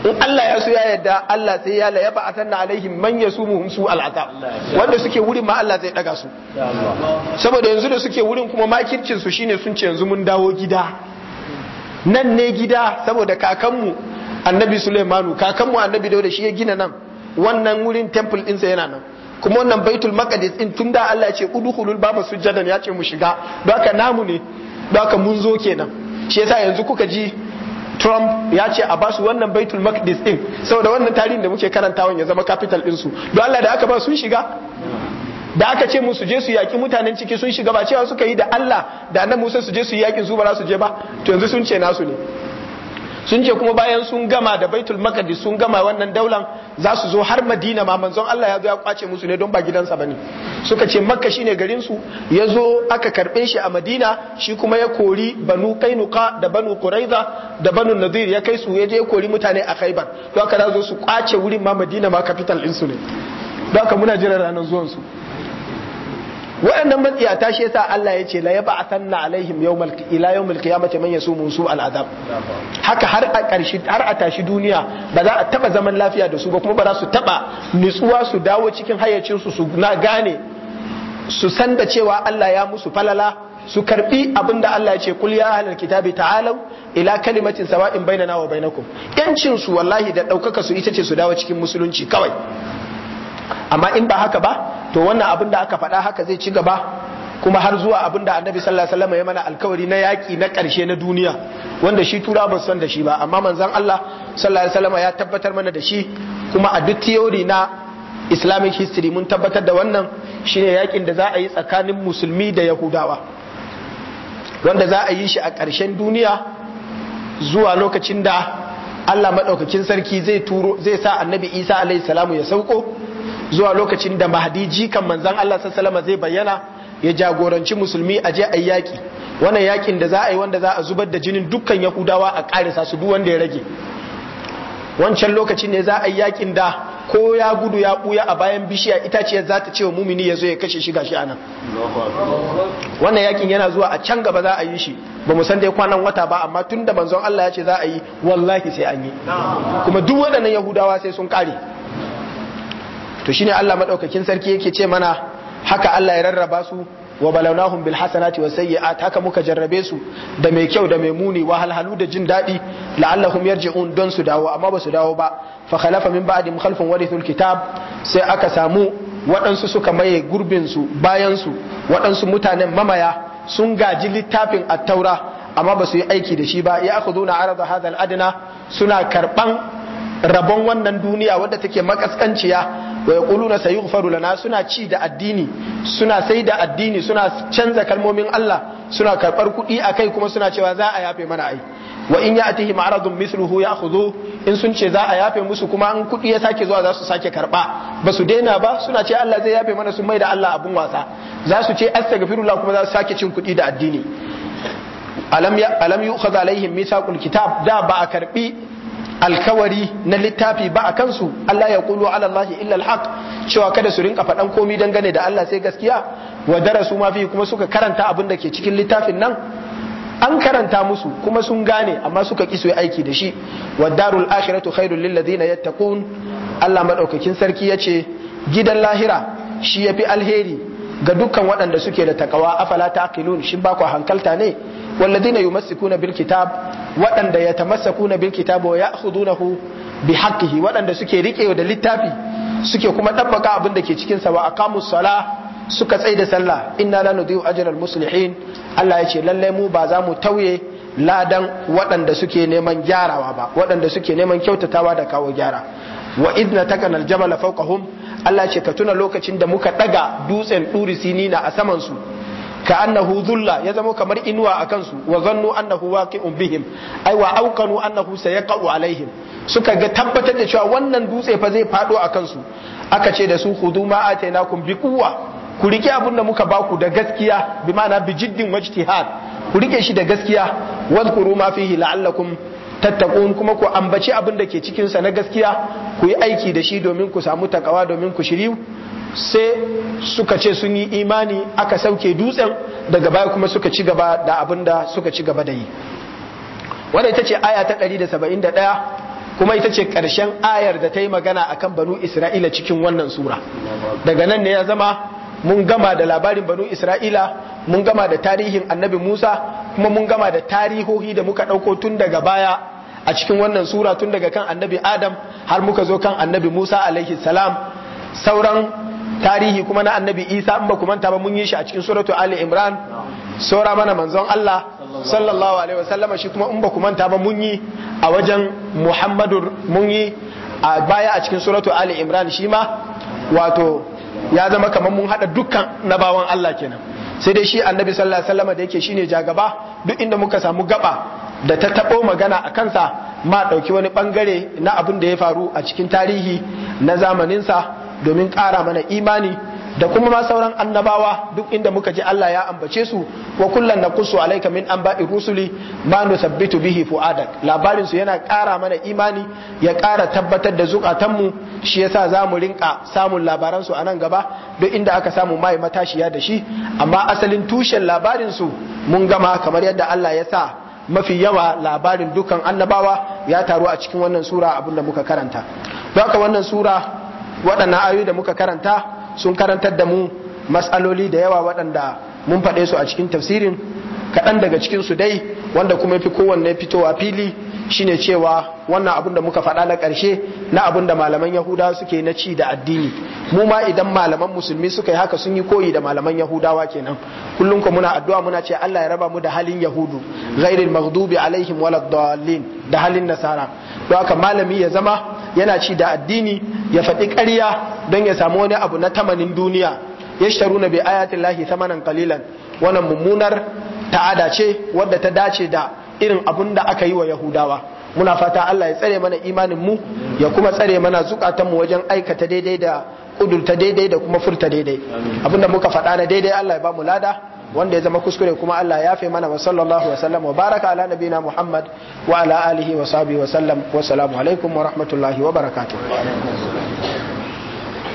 in Allah ya so ya yarda Allah sai ya la yaba atanna alaihim man yasumuhum su al'ata wanda suke wurin ma Allah zai daga su saboda yanzu da suke wurin kuma makircin su shine sun ce yanzu mun dawo gida nan ne gida saboda kakanmu annabi Sulaimanu kakanmu annabi dauda shi ya gina nan wannan wurin temple sa yana nan kuma wannan baitul maqdis din tunda Allah ya ce udkhulul baba sujjadan ya ce mu shiga don haka namu ne don haka mun zo kenan shi yasa yanzu kuka ji Trump ya ce a basu wannan Baitul Maqdis din saboda wannan tarihin da muke karantawa ya zama capital din su don Allah da aka ba sun shiga da aka ce musu je su yaki mutanen ciki sun shiga ba cewa suka yi da Allah da nan Musa su je su yi yakin su ba za su je ba to yanzu sun ce nasu ne sun ce kuma bayan sun gama da baitul makadis sun gama wannan daulan za su zo har madina ma manzon Allah ya zo ya kwace musu ne don ba gidansa ne. suka ce makka shine garin su ya zo aka karbe shi a madina shi kuma ya kori banu kainuka da banu quraiza da banu nadir ya kai su ya je ya kori mutane a khaibar don haka za su kwace wurin ma madina ma capital din ne don haka muna jiran ranar zuwan su waɗannan matsiyata shi yasa Allah ya ce la ya sanna alaihim yawmal ila yawmal qiyamati man yasumu su al'adab haka har a ƙarshe har a tashi duniya ba za a taba zaman lafiya da su ba kuma ba za su taba nutsuwa su dawo cikin hayyacin su su na gane su san da cewa Allah ya musu falala su karbi abin da Allah ya ce kul ya ahlal kitabi ta'alu ila kalimatin sawa'in bainana wa bainakum yancin su wallahi da daukaka su ita ce su dawo cikin musulunci kawai amma in ba haka ba to wannan abin da aka faɗa haka zai ci gaba kuma har zuwa abin da annabi sallallahu alaihi wasallam ya mana alkawari na yaki na ƙarshe na duniya wanda shi tura ba san da shi ba amma manzon Allah sallallahu alaihi wasallam ya tabbatar mana da shi kuma a duk theory na islamic history mun tabbatar da wannan shine yakin da za a yi tsakanin musulmi da yahudawa wanda za a yi shi a ƙarshen duniya zuwa lokacin da Allah maɗaukacin sarki zai turo zai sa annabi Isa alaihi salamu ya sauko zuwa lokacin da mahdi jikan manzan Allah sassalama zai bayyana ya jagoranci musulmi a je yi yaki wannan yaƙin da za a yi wanda za a zubar da jinin dukkan yahudawa a ƙarisa su duwanda wanda ya rage wancan lokacin ne za a yi yaƙin da ko ya gudu ya ɓuya a bayan bishiya itaciyar za ta ce wa mumini ya zo ya kashe shi gashi anan wannan yakin yana zuwa a can gaba za a yi shi ba mu san dai kwanan wata ba amma tun da manzon Allah ya ce za a yi wallahi sai an yi kuma duk waɗannan yahudawa sai sun kare to shine Allah madaukakin sarki yake ce mana haka Allah ya rarraba su wa balawnahum bil hasanati was sayyi'at haka muka jarrabe su da mai kyau da mai muni wa halhalu da jin dadi la'allahum yarji'un don su dawo amma ba su dawo ba fa khalafa min ba'dihim khalfun warithul kitab sai aka samu waɗansu suka maye gurbin su bayan su waɗansu mutanen mamaya sun gaji littafin at-taura amma ba su yi aiki da shi ba ya akhuduna arada hadha al-adna suna karban rabon wannan duniya wadda take makaskanciya wa na sayughfaru lana suna ci da addini suna sai da addini suna canza kalmomin Allah suna karbar kuɗi akai kuma suna cewa za a yafe mana ai wa in ya'tihi ma'radun ya ya'khudhu in sun ce za a yafe musu kuma an kuɗi ya sake zuwa za su sake karba ba su daina ba suna ce Allah zai yafe mana sun mai da Allah abun wasa za su ce astaghfirullah kuma za su sake cin kuɗi da addini alam yu'khadha alaihim mithaqul kitab da ba a karbi alkawari na littafi ba a kansu Allah ya kulu ala Allah illa alhaq cewa kada su rinka faɗan komi dangane da Allah sai gaskiya wa darasu ma fi kuma suka karanta abin da ke cikin littafin nan an karanta musu kuma sun gane amma suka ki su yi aiki da shi wa darul akhiratu khairul lil ladina yattaqun Allah madaukakin sarki yace gidan lahira shi yafi alheri ga dukkan waɗanda suke da takawa afala taqilun shi ba ku hankalta ne walladina yumassikuna bil kitab waɗanda yatamassakuna bil kitab wa ya'khudunahu bi haqqihi waɗanda suke rike da littafi suke kuma dabbaka abin da ke cikin sa wa aqamus sala suka tsaye da sallah inna la nudiyu ajral muslihin Allah ya ce lalle mu ba za mu tauye ladan waɗanda suke neman gyarawa ba waɗanda suke neman kyautatawa da kawo gyara wa idna takana aljabala fawqahum Allah ce ka tuna lokacin da muka daga dutsen duri sinina a saman su ka annahu dhulla ya zama kamar inuwa a kansu wa zannu annahu waqi'un bihim ai wa auqanu annahu sayaqa'u alaihim suka ga tabbatar da cewa wannan dutse fa zai fado a kansu aka ce da su khudu ma atainakum bi quwwa ku rike abin da muka baku da gaskiya bi ma'ana bi jiddin wajtihad ku rike shi da gaskiya wadhkuru ma fihi la'allakum Tattakun kuma ku ambaci abin da ke cikin sa na gaskiya ku yi aiki da shi domin ku samu takawa domin ku shiryu sai suka ce sun yi imani aka sauke dutsen daga baya kuma suka ci gaba da abin da suka ci gaba da yi wanda ita ce aya ta 171 kuma ita ce ƙarshen ayar da ta yi magana akan banu isra'ila cikin wannan sura daga nan ne ya zama mun gama da labarin banu isra'ila mun gama da tarihin annabi musa kuma mun gama da tarihohi da muka ɗauko tun daga baya a cikin wannan sura tun daga kan annabi adam har muka zo kan annabi musa alaihi salam sauran tarihi kuma na annabi isa in ba ku manta ba mun yi shi a cikin suratu ali imran saura mana manzon allah sallallahu alaihi wasallama shi kuma in ba ku manta ba mun yi a wajen muhammadu mun yi a baya a cikin suratu ali imran shi ma wato ya zama kamar mun hada dukkan na bawan allah kenan sai dai shi annabi sallallahu alaihi wasallama da yake shine jagaba duk inda muka samu gaba da ta taɓo magana a kansa ma ɗauki wani ɓangare na abin da ya faru a cikin tarihi na zamaninsa domin ƙara mana imani da kuma ma sauran annabawa duk inda muka ji Allah ya ambace su wa kullan naqussu an min anba'i rusuli ma nusabbitu bihi fuadak labarin su yana ƙara mana imani ya ƙara tabbatar da zukatan mu shi yasa mu rinka samun labaransu a nan gaba duk inda aka samu mai matashiya da shi amma asalin tushen labarinsu su mun gama kamar yadda Allah ya sa mafi yawa labarin dukan annabawa ya taru a cikin wannan sura abin da muka karanta don haka wannan sura waɗannan ayoyi da muka karanta sun karantar da mu matsaloli da yawa waɗanda mun faɗe su a cikin tafsirin kaɗan daga cikin su dai wanda kuma fi kowanne fitowa fili shine cewa wannan abin da muka faɗa na ƙarshe na abin da malaman yahudawa suke na ci da addini mu ma idan malaman musulmi suka yi haka sun yi koyi da malaman yahudawa kenan kullum ko muna addu'a muna ce Allah ya raba mu da halin yahudu ghairil maghdubi alaihim waladdallin da halin nasara don haka malami ya zama yana ci da addini ya faɗi ƙarya don ya samu wani abu na tamanin duniya yashtaruna bi ayatillahi thamanan qalilan wannan mummunar ta'ada ce wadda ta dace da irin abun da aka yi wa yahudawa muna fata Allah ya tsare mana imanin mu ya kuma tsare mana zukatan mu wajen aikata daidai da kudurta daidai da kuma furta daidai abinda muka faɗa na daidai Allah ya ba mu lada wanda ya zama kuskure kuma Allah ya yafe mana wa sallallahu wa sallam wa baraka ala nabina Muhammad wa ala alihi wa sahbihi wa sallam wa salamu alaikum wa rahmatullahi wa barakatuh